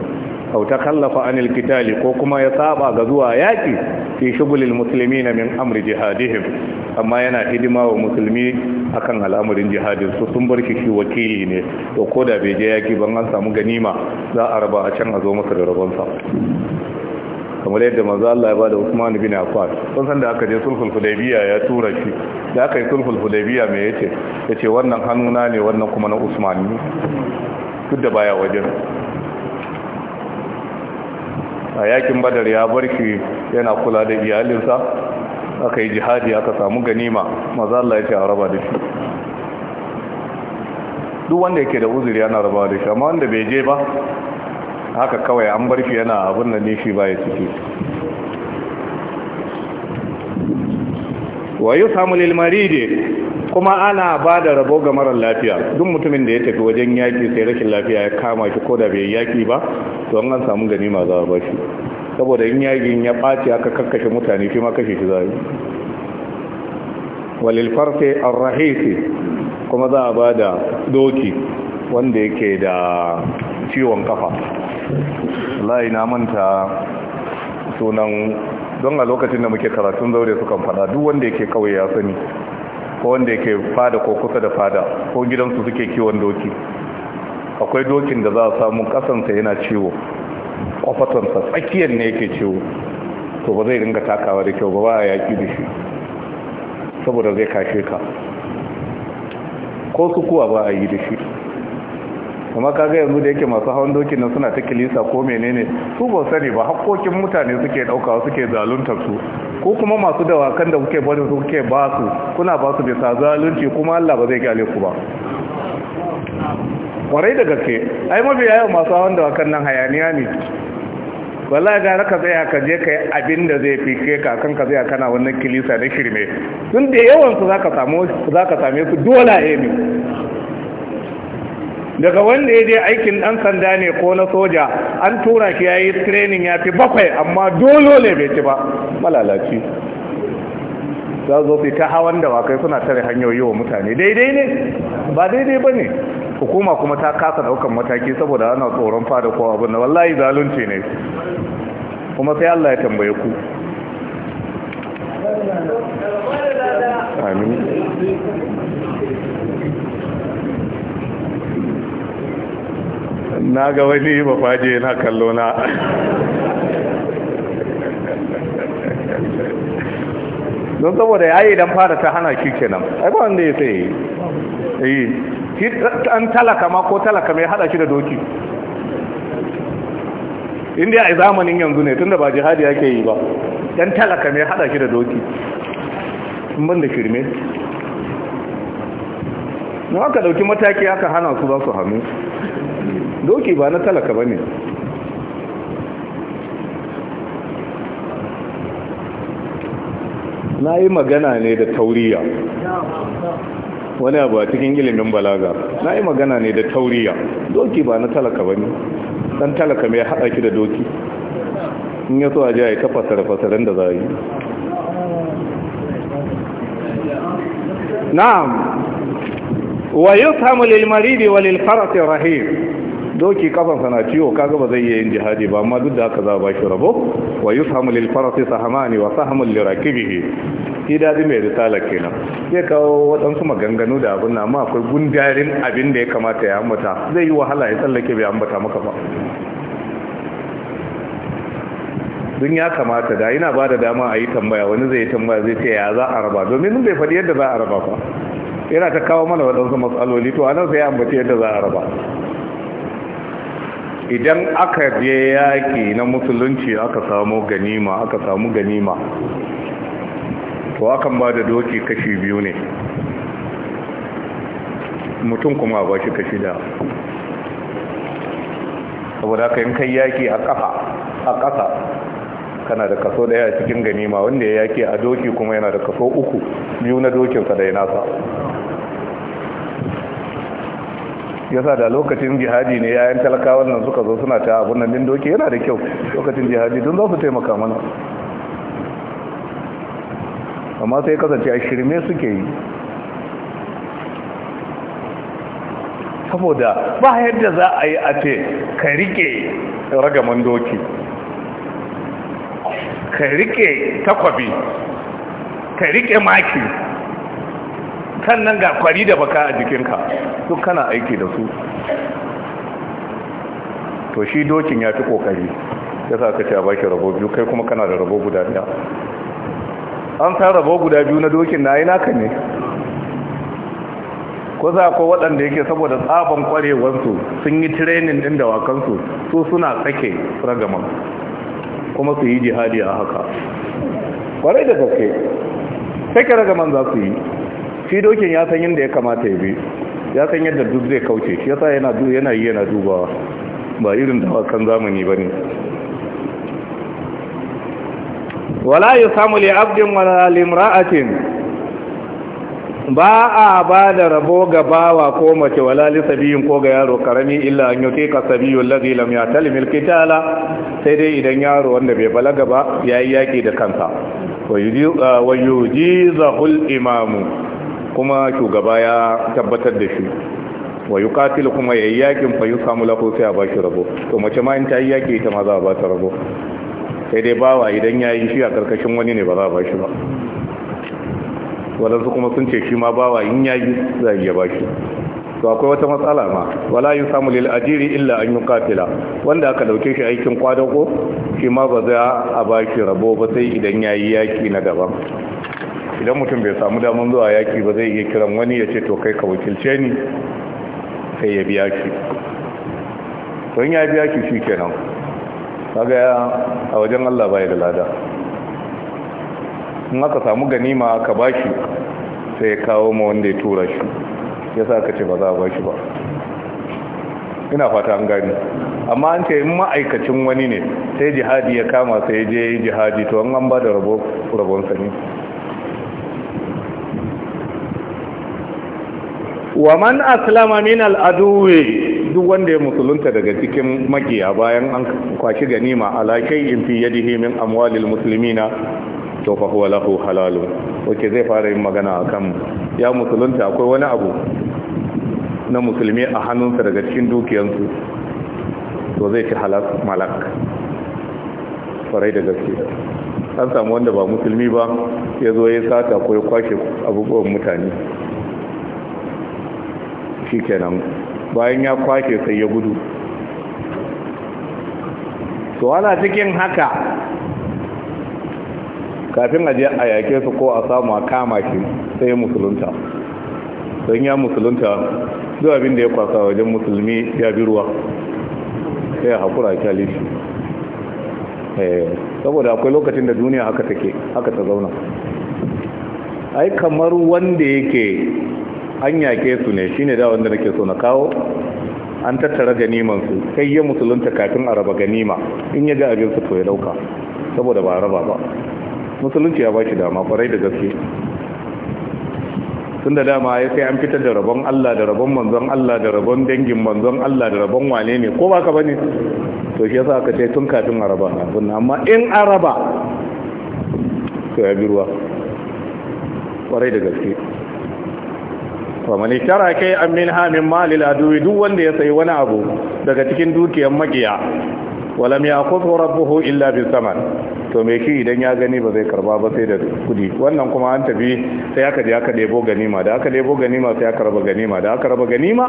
aw ta kallafa anil kitali ko kuma ya saba ga zuwa yaki fi shugulil muslimina min amri jihadihim amma yana hidima wa musulmi akan al'amarin jihadin su sun barki shi wakili ne to da bai je yaki ban an samu ganima za a raba a can a zo masa da rabonsa kamar yadda manzo Allah ya bada Usman bin Affan kun san da aka je sulhul hudaybiya ya tura shi da aka yi sulhul hudaybiya me yace yace wannan hannuna ne wannan kuma na Usman ne duk da baya wajen a yakin badar ya barki yana kula da iyalinsa aka yi jihadi aka samu ganima manzo Allah ya ce a raba da shi duk wanda yake da uzuri yana raba da shi amma wanda bai je ba haka kawai an bar shi yana abin da ne shi baya ciki wayo samu lil maridi kuma ana ba da rabo ga marar lafiya duk mutumin da ya tafi wajen yaki sai rashin lafiya ya kama shi ko da bai yaki ba to an an samu ma za a bashi. saboda in yakin ya ɓaci aka kakkashe mutane shi ma kashe shi za yi walil arrahisi kuma za a ba da doki wanda yake da ciwon kafa layi na manta sunan don a lokacin da muke karatun zaure sukan fada duk wanda yake kawai ya sani ko wanda yake fada ko kusa da fada ko gidansu suke kiwon doki akwai dokin da za a samu kasansa yana ciwo kwafatansa tsakiyar ne yake ciwo to ba zai ringa takawa da kyau ba ba a yaƙi da shi saboda zai kashe ka ko su kuwa ba a yi da shi amma kaga yanzu da yake masu hawan dokin nan suna ta kilisa ko menene su ba sani ba hakkokin mutane suke dauka suke zalunta su ko kuma masu dawakan da kuke bada su kuke ba su kuna ba su bisa zalunci kuma Allah ba zai gale ku ba kwarai da gaske ai mafi yawan masu hawan dawakan nan hayaniya ne wala ga ka zai ka je ka abin da zai fi ka kan ka kana wannan kilisa na shirme tun da yawan su zaka samu zaka same su dolaye ne daga wanda ya je aikin ɗan sanda ne ko na soja an tura shi ya yi training ya fi bakwai amma dolo ne bai ci ba malalaci za zo fi ta hawan da wakai suna tare hanyoyi wa mutane daidai ne ba daidai ba ne hukuma kuma ta kasa daukan mataki saboda ana tsoron fada kowa abin da wallahi zalunci ne kuma sai Allah ya tambaye ku amin na ga wani ba faje na kallo na don saboda ya yi don fara ta hana shi kenan ai ba wanda ya sai yi eh, shi an talaka ma ko talaka mai hada shi da doki inda a zamanin yanzu ne tunda ba jihadi ke yi ba dan talaka mai hada shi da doki sun ban da firme na haka dauki mataki aka hana su za su hannu doki ba na talaka ba ne na yi magana ne da tauriya wani abu a cikin ilimin balaga na yi magana ne da tauriya doki ba na talaka ba ne dan talaka mai haɗa ki da doki in ya so a ji a yi ta fasare da za a yi na'am wa yi samu lilmaridi wa lilfarasi rahim doki kafan na ciwo kaga ba zai iya yin jihadi ba amma duk da haka za a ba shi rabo wa yushamu lil farasi sahamani wa sahamun lil rakibihi shi dadi mai risala kenan zai kawo waɗansu maganganu da abin na amma akwai gundarin abin da ya kamata ya ambata zai yi wahala ya tsallake bai ambata maka ba dun ya kamata da yana ba da dama a yi tambaya wani zai tambaya zai ce ya za a raba domin bai faɗi yadda za a raba ba yana ta kawo mana waɗansu matsaloli to anan sai ya ambaci yadda za a raba idan aka je yaƙi na musulunci aka samu ganima aka samu ganima to akan ba da doki kashi biyu ne mutum kuma ba shi kashi da saboda ka yin kai yaƙi a ƙasa a ƙasa kana da kaso ɗaya a cikin ganima wanda ya yaƙi a doki kuma yana da kaso uku biyu na dokinsa da ya nasa yasa da lokacin jihadi ne yayan talakawan nan suka zo suna ta abun nan din doki yana da kyau lokacin jihadi don za su taimaka mana amma sai kasance a shirme suke yi saboda ba yadda za a yi a ce ka rike ragaman doki ka rike takwabi ka rike maki kan nan ga kwari da baka a jikinka duk kana aiki da su to shi dokin ya fi kokari ya sa ka ce a baki rabo biyu kai kuma kana da rabo guda biya an sa rabo guda biyu na dokin na yi naka ne ko za ko waɗanda yake saboda tsaban kwarewarsu sun yi tirenin ɗin dawakansu su suna tsake ragaman kuma su yi jihadi a haka kwarai da gaske sake ragaman za su yi shi dokin ya san yadda ya kamata ya bi ya san yadda duk zai kauce shi yasa yana du yana yi yana dubawa ba irin da dawakan zamani bane wala yusamu li abdin wala limra'atin ba a ba da rabo ga bawa ko mace wala li sabiyin ko ga yaro karami illa an yuti ka sabiyul ladhi lam yatalim alqitala sai dai idan yaro wanda bai balaga ba yayi yaki da kansa wa yujiza imamu kuma shugaba ya tabbatar da shi wa katil kuma ya yi yakin fa samu lahu sai a bashi rabo to mace ma in ta yi yaki ita ma za a ba ta rabo sai dai bawa idan ya yi shi a karkashin wani ne ba za a bashi ba wadansu kuma sun ce shi ma bawa in yi za a iya bashi to akwai wata matsala ma wala samu lil ajiri illa an katila wanda aka dauke shi aikin kwadako shi ma ba za a bashi rabo ba sai idan ya yi yaki na gaban idan mutum bai samu damar zuwa yaƙi ba zai iya kiran wani ya ce to kai ka wakilce ni sai ya biya ki to in ya biya ki shi kenan kaga a wajen Allah baya da lada in aka samu ganima aka bashi sai ya kawo ma wanda ya tura shi Ya sa ka ce ba za a bashi ba ina fata an gani amma an ce in ma'aikacin wani ne sai jihadi ya kama sai je jihadi to an ba da rabon sani wa man aslama min al'aduwi duk wanda ya musulunta daga cikin magiya bayan an kwashi ganima ala in fi yadihi min amwalil muslimina to fa huwa lahu halalu. Wacce zai fara yin magana akan ya musulunta akwai wani abu na musulmi a hannunsa daga cikin dukiyansu to zai ci halak malak farai da gaske an samu wanda ba musulmi ba ya zo ya sata ko ya kwashe abubuwan mutane shikenan bayan ya kwake sai ya gudu to ana cikin haka kafin a aje a yake su ko a samu a kama shi sai musulunta don ya musulunta zuwa abin da ya kwasa wajen musulmi ya bi ruwa sai haƙura kyale shi eh, saboda akwai lokacin da duniya haka take haka ta zauna ai kamar wanda yake an yake su ne shine da wanda nake so na kawo an tattara ganiman su sai ya musulunta kafin a raba ganima in ya ga abin su to ya dauka saboda ba raba ba musulunci ya baki dama kwarai da gaske tun da dama ya sai an fitar da rabon Allah da rabon manzon Allah da rabon dangin manzon Allah da rabon wane ne ko baka bane to shi yasa aka ce tun kafin araba abin amma in araba to ya bi ruwa kwarai da gaske faman ishtara kai an min malil aduwi duk wanda ya sayi wani abu daga cikin dukiyar magiya walam ya kufu rabbuhu illa bi saman to me shi idan ya gani ba zai karba ba sai da kudi wannan kuma an tafi sai aka je aka debo ganima da aka debo ganima sai aka raba ganima da aka raba ganima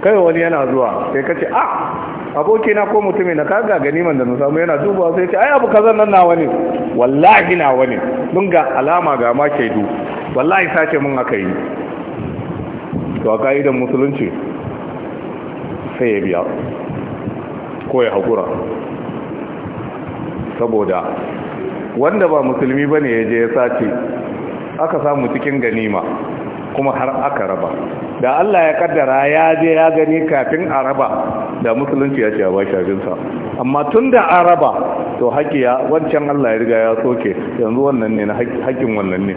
kai wani yana zuwa sai ka ce ah na ko mutumin na kaga ganiman da na samu yana dubawa sai ce ai abu kaza nan nawa ne wallahi nawa ne mun ga alama ga ma shaidu wallahi sace mun aka yi to a ka'idan musulunci sai ya biya ko ya haƙura saboda wanda ba musulmi bane ya je ya sace aka samu cikin ganima kuma har aka raba da Allah ya kaddara ya je ya gani kafin a raba da musulunci ya ce ya bashi abinsa amma tun da an raba to haƙiya wancan Allah ya riga ya soke yanzu wannan ne na haƙƙin wannan ne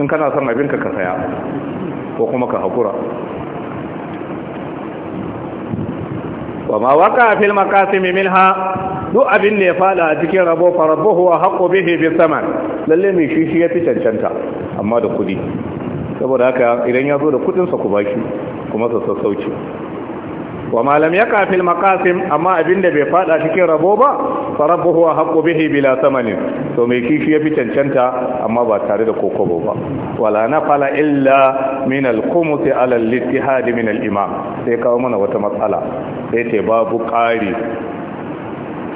in kana son abinka ka saya ko kuma ka haƙura wama waka fil makasimi minha duk abin da ya fada a cikin rabo fa rabbuhu wa haqqu bihi bi saman lalle mai shi shi ya fi cancanta amma da kudi saboda haka idan ya zo da kudinsa ku baki kuma su sassauci wa malam ya kafin makasim amma abinda bai fada cikin rabo ba fa rabbuhu wa haqqu bihi bila thamanin to mai kifi ya fi cancanta amma ba tare da kokobo ba wala nafala illa min al-qumus ala al min al sai kawo mana wata matsala sai ce babu ƙari.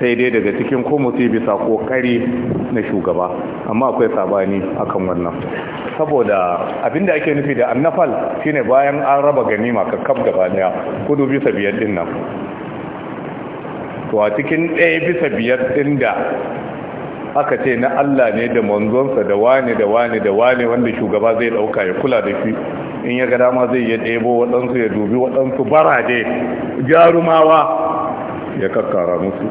sai dai daga cikin kumusi bisa kokari na shugaba amma akwai sabani akan wannan saboda abinda ake nufi da annafal shine bayan an raba ganima kaf gaba daya kudu bisa biyar din nan to a cikin ɗaya bisa biyar din da aka ce na Allah ne da manzonsa da wane da wane da wane wanda shugaba zai dauka ya kula da shi in ya ga dama zai ya ɗebo waɗansu ya dubi waɗansu baraje jarumawa ya kakkara musu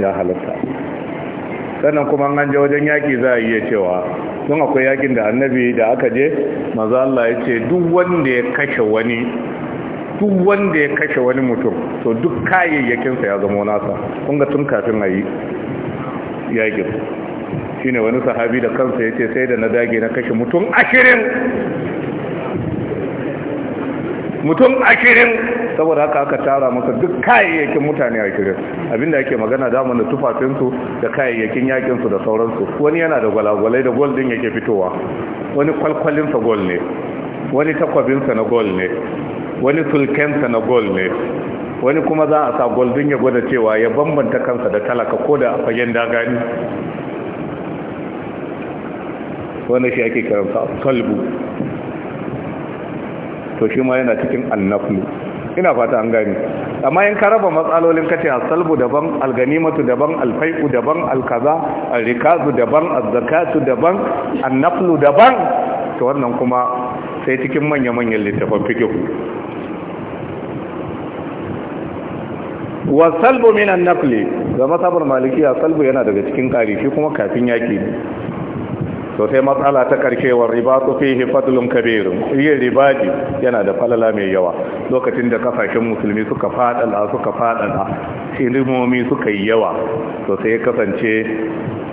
ya halatta sannan kuma an ganje wajen yaki za a iya cewa don akwai yakin da annabi da aka je maza Allah ya ce duk wanda ya kashe wani mutum to duk kayayyakinsa ya zama nasa kunga tun kafin a yi yakin shine wani sahabi da kansa ya ce sai da na dage na kashe mutum ashirin mutum a ashirin saboda haka aka tara masa duk kayayyakin mutane a kirin abinda ake magana damar da tufafinsu da kayayyakin yakinsu da sauransu wani yana da gwalagwalai da gold din yake fitowa wani kwalkwalinsa gol ne wani takwabinsa na gol ne wani sulkensa na gol ne wani kuma za a sa gold din ya gwada cewa ya bambanta kansa da talaka ko da fagen dagani Wani shi ake karanta salbu to shi ma yana cikin annaflu ina fata an gani amma in ka raba matsalolin kace asalbu daban alganimatu daban alfai'u daban alkaza alrikazu daban azzakatu daban annaflu daban to wannan kuma sai cikin manya-manyan littafin fikihu wa salbu min nafli ga masabar malikiya salbu yana daga cikin kari shi kuma kafin yaki ne to sai matsala ta ƙarshe wa ribatu fihi fadlun Kabirin, yin ribaji yana da falala mai yawa lokacin da kasashen musulmi suka fadada suka fadada ilimomi suka yi yawa to sai kasance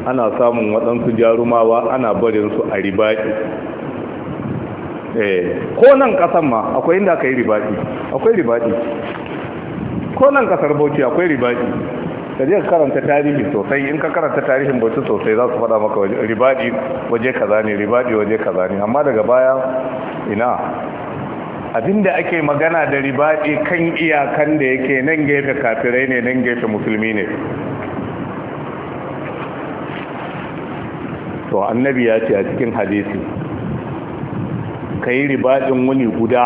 ana samun waɗansu jarumawa ana barin su a ribaji eh, ko nan ƙasan ma akwai inda aka yi ribaji akwai ribaji ko nan ƙasar bauchi akwai ribaji ka je karanta tarihi sosai in ka karanta tarihin bautu sosai za su faɗa maka ribadi waje kaza ne ribadi waje kaza ne amma daga baya ina abinda ake magana da ribadi kan iyakan da yake nan gefe kafirai ne nan gefe musulmi ne to annabi ya ce a cikin hadisi ka yi ribadin wani guda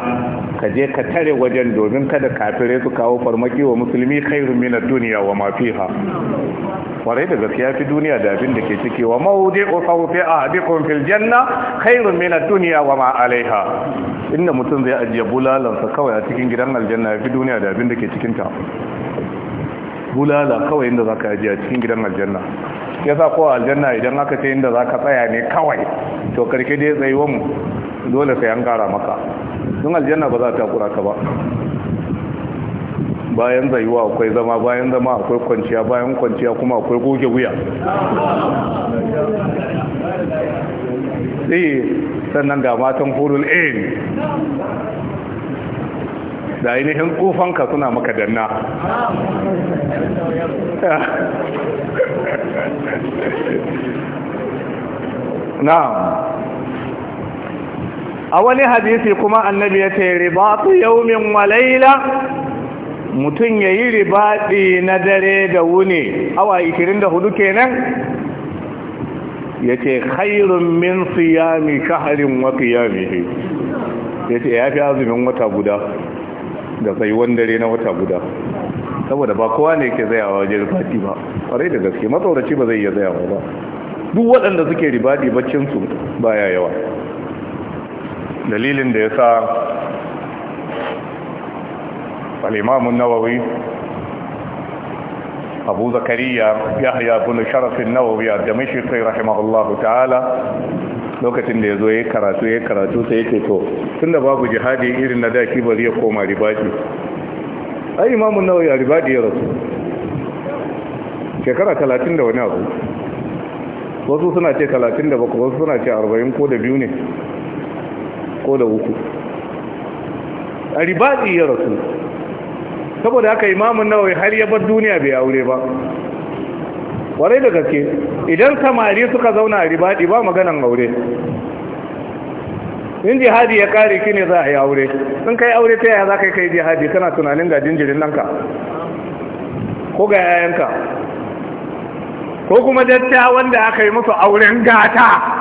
ka je ka tare wajen domin kada kafirai su kawo farmaki wa musulmi khairu min ad-dunya wa ma fiha kwarai da gaskiya fi duniya da abin da ke ciki wa mawdi'u sawfi ahadikum fil janna khairu min ad-dunya wa ma alaiha inda mutum zai ajiye bulalansa kawai a cikin gidan aljanna fi duniya da abin da ke cikin ta bulala kawai inda zaka ajiye a cikin gidan aljanna yasa ko aljanna idan aka ce inda zaka tsaya ne kawai to karke dai tsayuwan dole sai an gara maka don aljanna ba za ta kura ka ba bayan zaiwa akwai zama bayan zama akwai kwanciya bayan kwanciya kuma akwai goge wuya eh sannan ga matan hurul ain da ainihin tsufanka suna maka danna na'am a wani hadisi kuma annabi ya ce riba tu yaumin wa laila mutum ya yi ribaɗi na dare da wuni awa 24 kenan ya ce khairun min siyami shaharin wa qiyamihi ya ce ya fi azumin wata guda da tsayuwan dare na wata guda saboda ba kowa ne ke zayawa wajen ribaɗi ba Kwarai da gaske matsauraci ba zai iya zayawa ba duk waɗanda suke ribaɗi baccinsu ba ya yawa dalilin da ya sa al'imamun nawawi abu zakariya ya haya bunu sharafin nawawi a damashi sai rahimahullahu ta'ala lokacin da ya zo ya karatu ya karatu sai ya to tun da babu jihadi irin na daki ba zai koma ribaɗi a imamun nawawi a ribaɗi ya rasu shekara talatin da wani abu wasu suna ce talatin da bakwai wasu suna ce arba'in ko da biyu ne ko da uku a ribaɗi ya rasu saboda haka imamun nawai har ya bar duniya bai aure ba warai da gaske idan samari suka zauna a ribaɗi ba maganan aure in jihadi ya kare ki ne za a yi aure in kai aure ta yaya za ka kai jihadi kana tunanin ga jinjirin nanka ko ga yayanka ko kuma datta wanda aka yi musu auren gata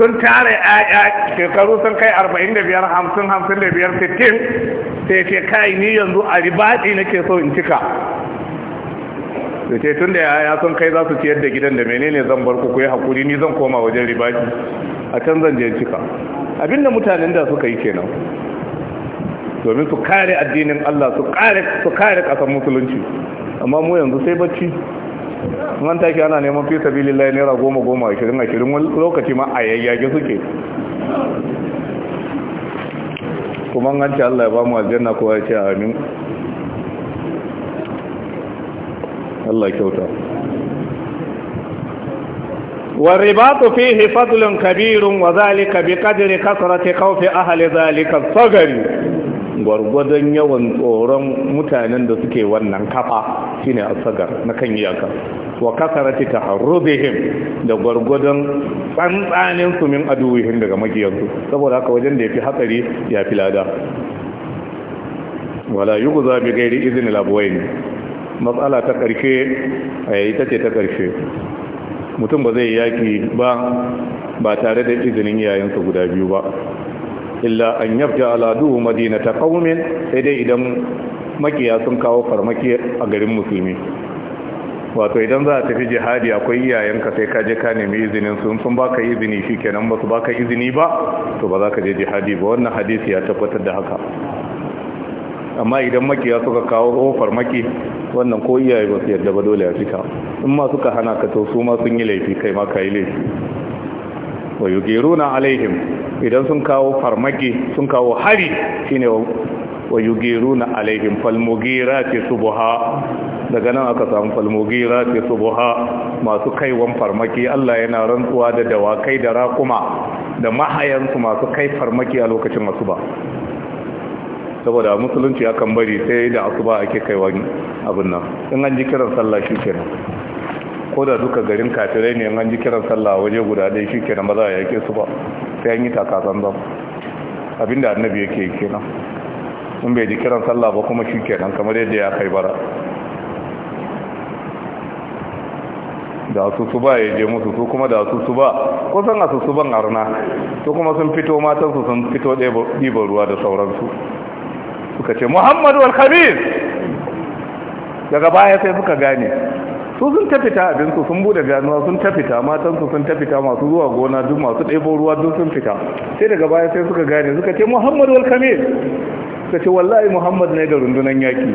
sun tara ya'ya shekaru sun kai arba'in da biyar hamsin hamsin da biyar sittin sai ce kai ni yanzu a ribaɗi nake so in cika Sai tun da yaya sun kai za su ciyar da gidan da menene zan bar ku ku yi hakuri ni zan koma wajen ribadi a can zan je cika abinda mutanen da suka yi kenan domin su kare addinin Allah su kare su kare musulunci amma mu yanzu sai bacci man take ana neman fi sabilillahi naira goma goma shirin ashirin lokaci ma a yayyage suke kuma an ce Allah ya ba mu aljanna kowa ya ce amin Allah kyauta wa ribatu fihi fadlun kabirun wa zalika bi qadri kasrati khawfi ahli zalika sagari gwargwadon yawan tsoron mutanen da suke wannan kafa shine asagar na kan iyaka wa kasarati taharruzihim da gwargwadon tsantsanin su min aduwihim daga makiyansu saboda haka wajen da yafi hatsari ya fi lada wala yughza bi ghairi iznil abwayn matsala ta karshe eh, ita ce ta karshe mutum ba zai yaki ba ba tare da izinin yayansa guda biyu ba illa an yabja aladu madinata qaumin sai dai idan makiya sun kawo farmaki a garin musulmi wato idan za a tafi jihadi akwai iyayenka sai ka je ka nemi izinin sun sun baka izini shikenan ba su baka izini ba to ba za ka je jihadi ba wannan hadisi ya tabbatar da haka amma idan makiya suka kawo kofar maki wannan ko iyaye ba su yarda ba dole ya cika, in ma suka hana ka to su ma sun yi laifi kai ma ka yi laifi wa na alaihim idan sun kawo farmaki sun kawo hari shine wa yugiruna alaihim falmugirati subha daga nan aka samu falmugirati subha masu kaiwan farmaki Allah yana rantsuwa da dawakai da rakuma da mahayansu masu kai farmaki a lokacin asuba saboda musulunci akan bari sai da asuba ake kaiwan abin nan in an ji kiran sallah shi kenan ko da duka garin kafirai ne an ji kiran sallah waje guda ɗaya shi kenan ba za a yake su ba sai an yi takasan zan abinda annabi yake yi kenan in bai ji kiran sallah ba kuma shi kenan kamar yadda ya kai bara da su su ba ya je musu su kuma da su su ba ko san a su su ban arna to kuma sun fito matansu sun fito ɗiban ruwa da sauransu suka ce muhammadu alkhabir daga baya sai suka gane su sun tafita abinsu sun bude ganuwa sun tafita su sun tafita masu zuwa gona duk masu ɗebo ruwa duk sun fita sai daga baya sai suka gane suka ce muhammadu alkamil suka ce wallahi muhammad ne da rundunan yaki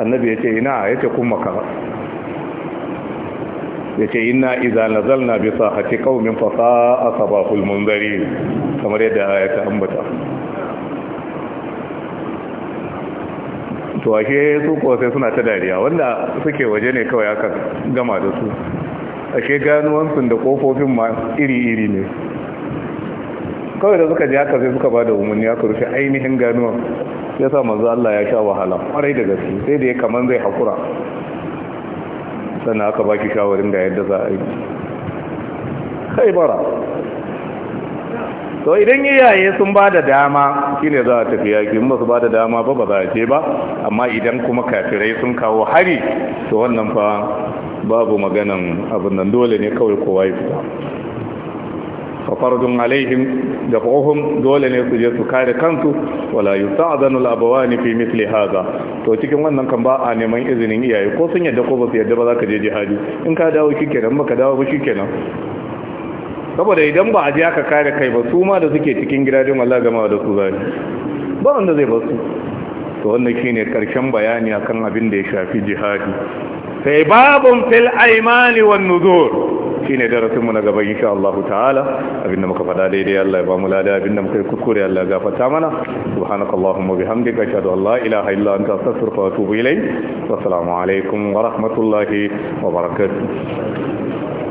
annabi ya ce ina ya ce kun makara ya ce ina iza nazalna bisa hati kaumin fasa a sabahul munzari kamar yadda ya ta ambata to ake su ko sai suna ta dariya wanda suke waje ne kawai aka gama da su ake ganuwansu da kofofin ma iri-iri ne kawai da suka ji haka sai suka ba da umarni aka rufe ainihin ganuwan ya sa manzo Allah ya sha wahala kwarai da gaske sai da ya kaman zai hakura sannan aka baki shawarin da yadda za a yi haibara to idan iyaye sun ba da dama shine za a tafi yaki ba su ba da dama ba ba za a je ba amma idan kuma kafirai sun kawo hari to wannan fa babu maganan abin nan dole ne kawai kowa ya fita fafardun alaihim da fahim dole ne su je su kare kansu wala yusta'zanu al ne fi mithli hadha to cikin wannan kan ba a neman izinin iyaye ko sun yadda ko ba su yadda ba za ka je jihadi in ka dawo ba ka dawo ba kenan saboda idan ba a je aka kare kai ba su ma da suke cikin gidajen Allah gama da su zai ba wanda zai basu to wannan shine karshen bayani akan abin da ya shafi jihadi sai babun fil aimani wan nuzur shine darasin mu na gaba insha Allah ta'ala abinda muka fada daidai Allah ya ba mu lada abinda muka kuskure Allah ya gafarta mana subhanakallahumma bihamdika ashhadu an la ilaha illa anta astaghfiruka wa atubu ilayk wa assalamu alaikum wa rahmatullahi wa barakatuh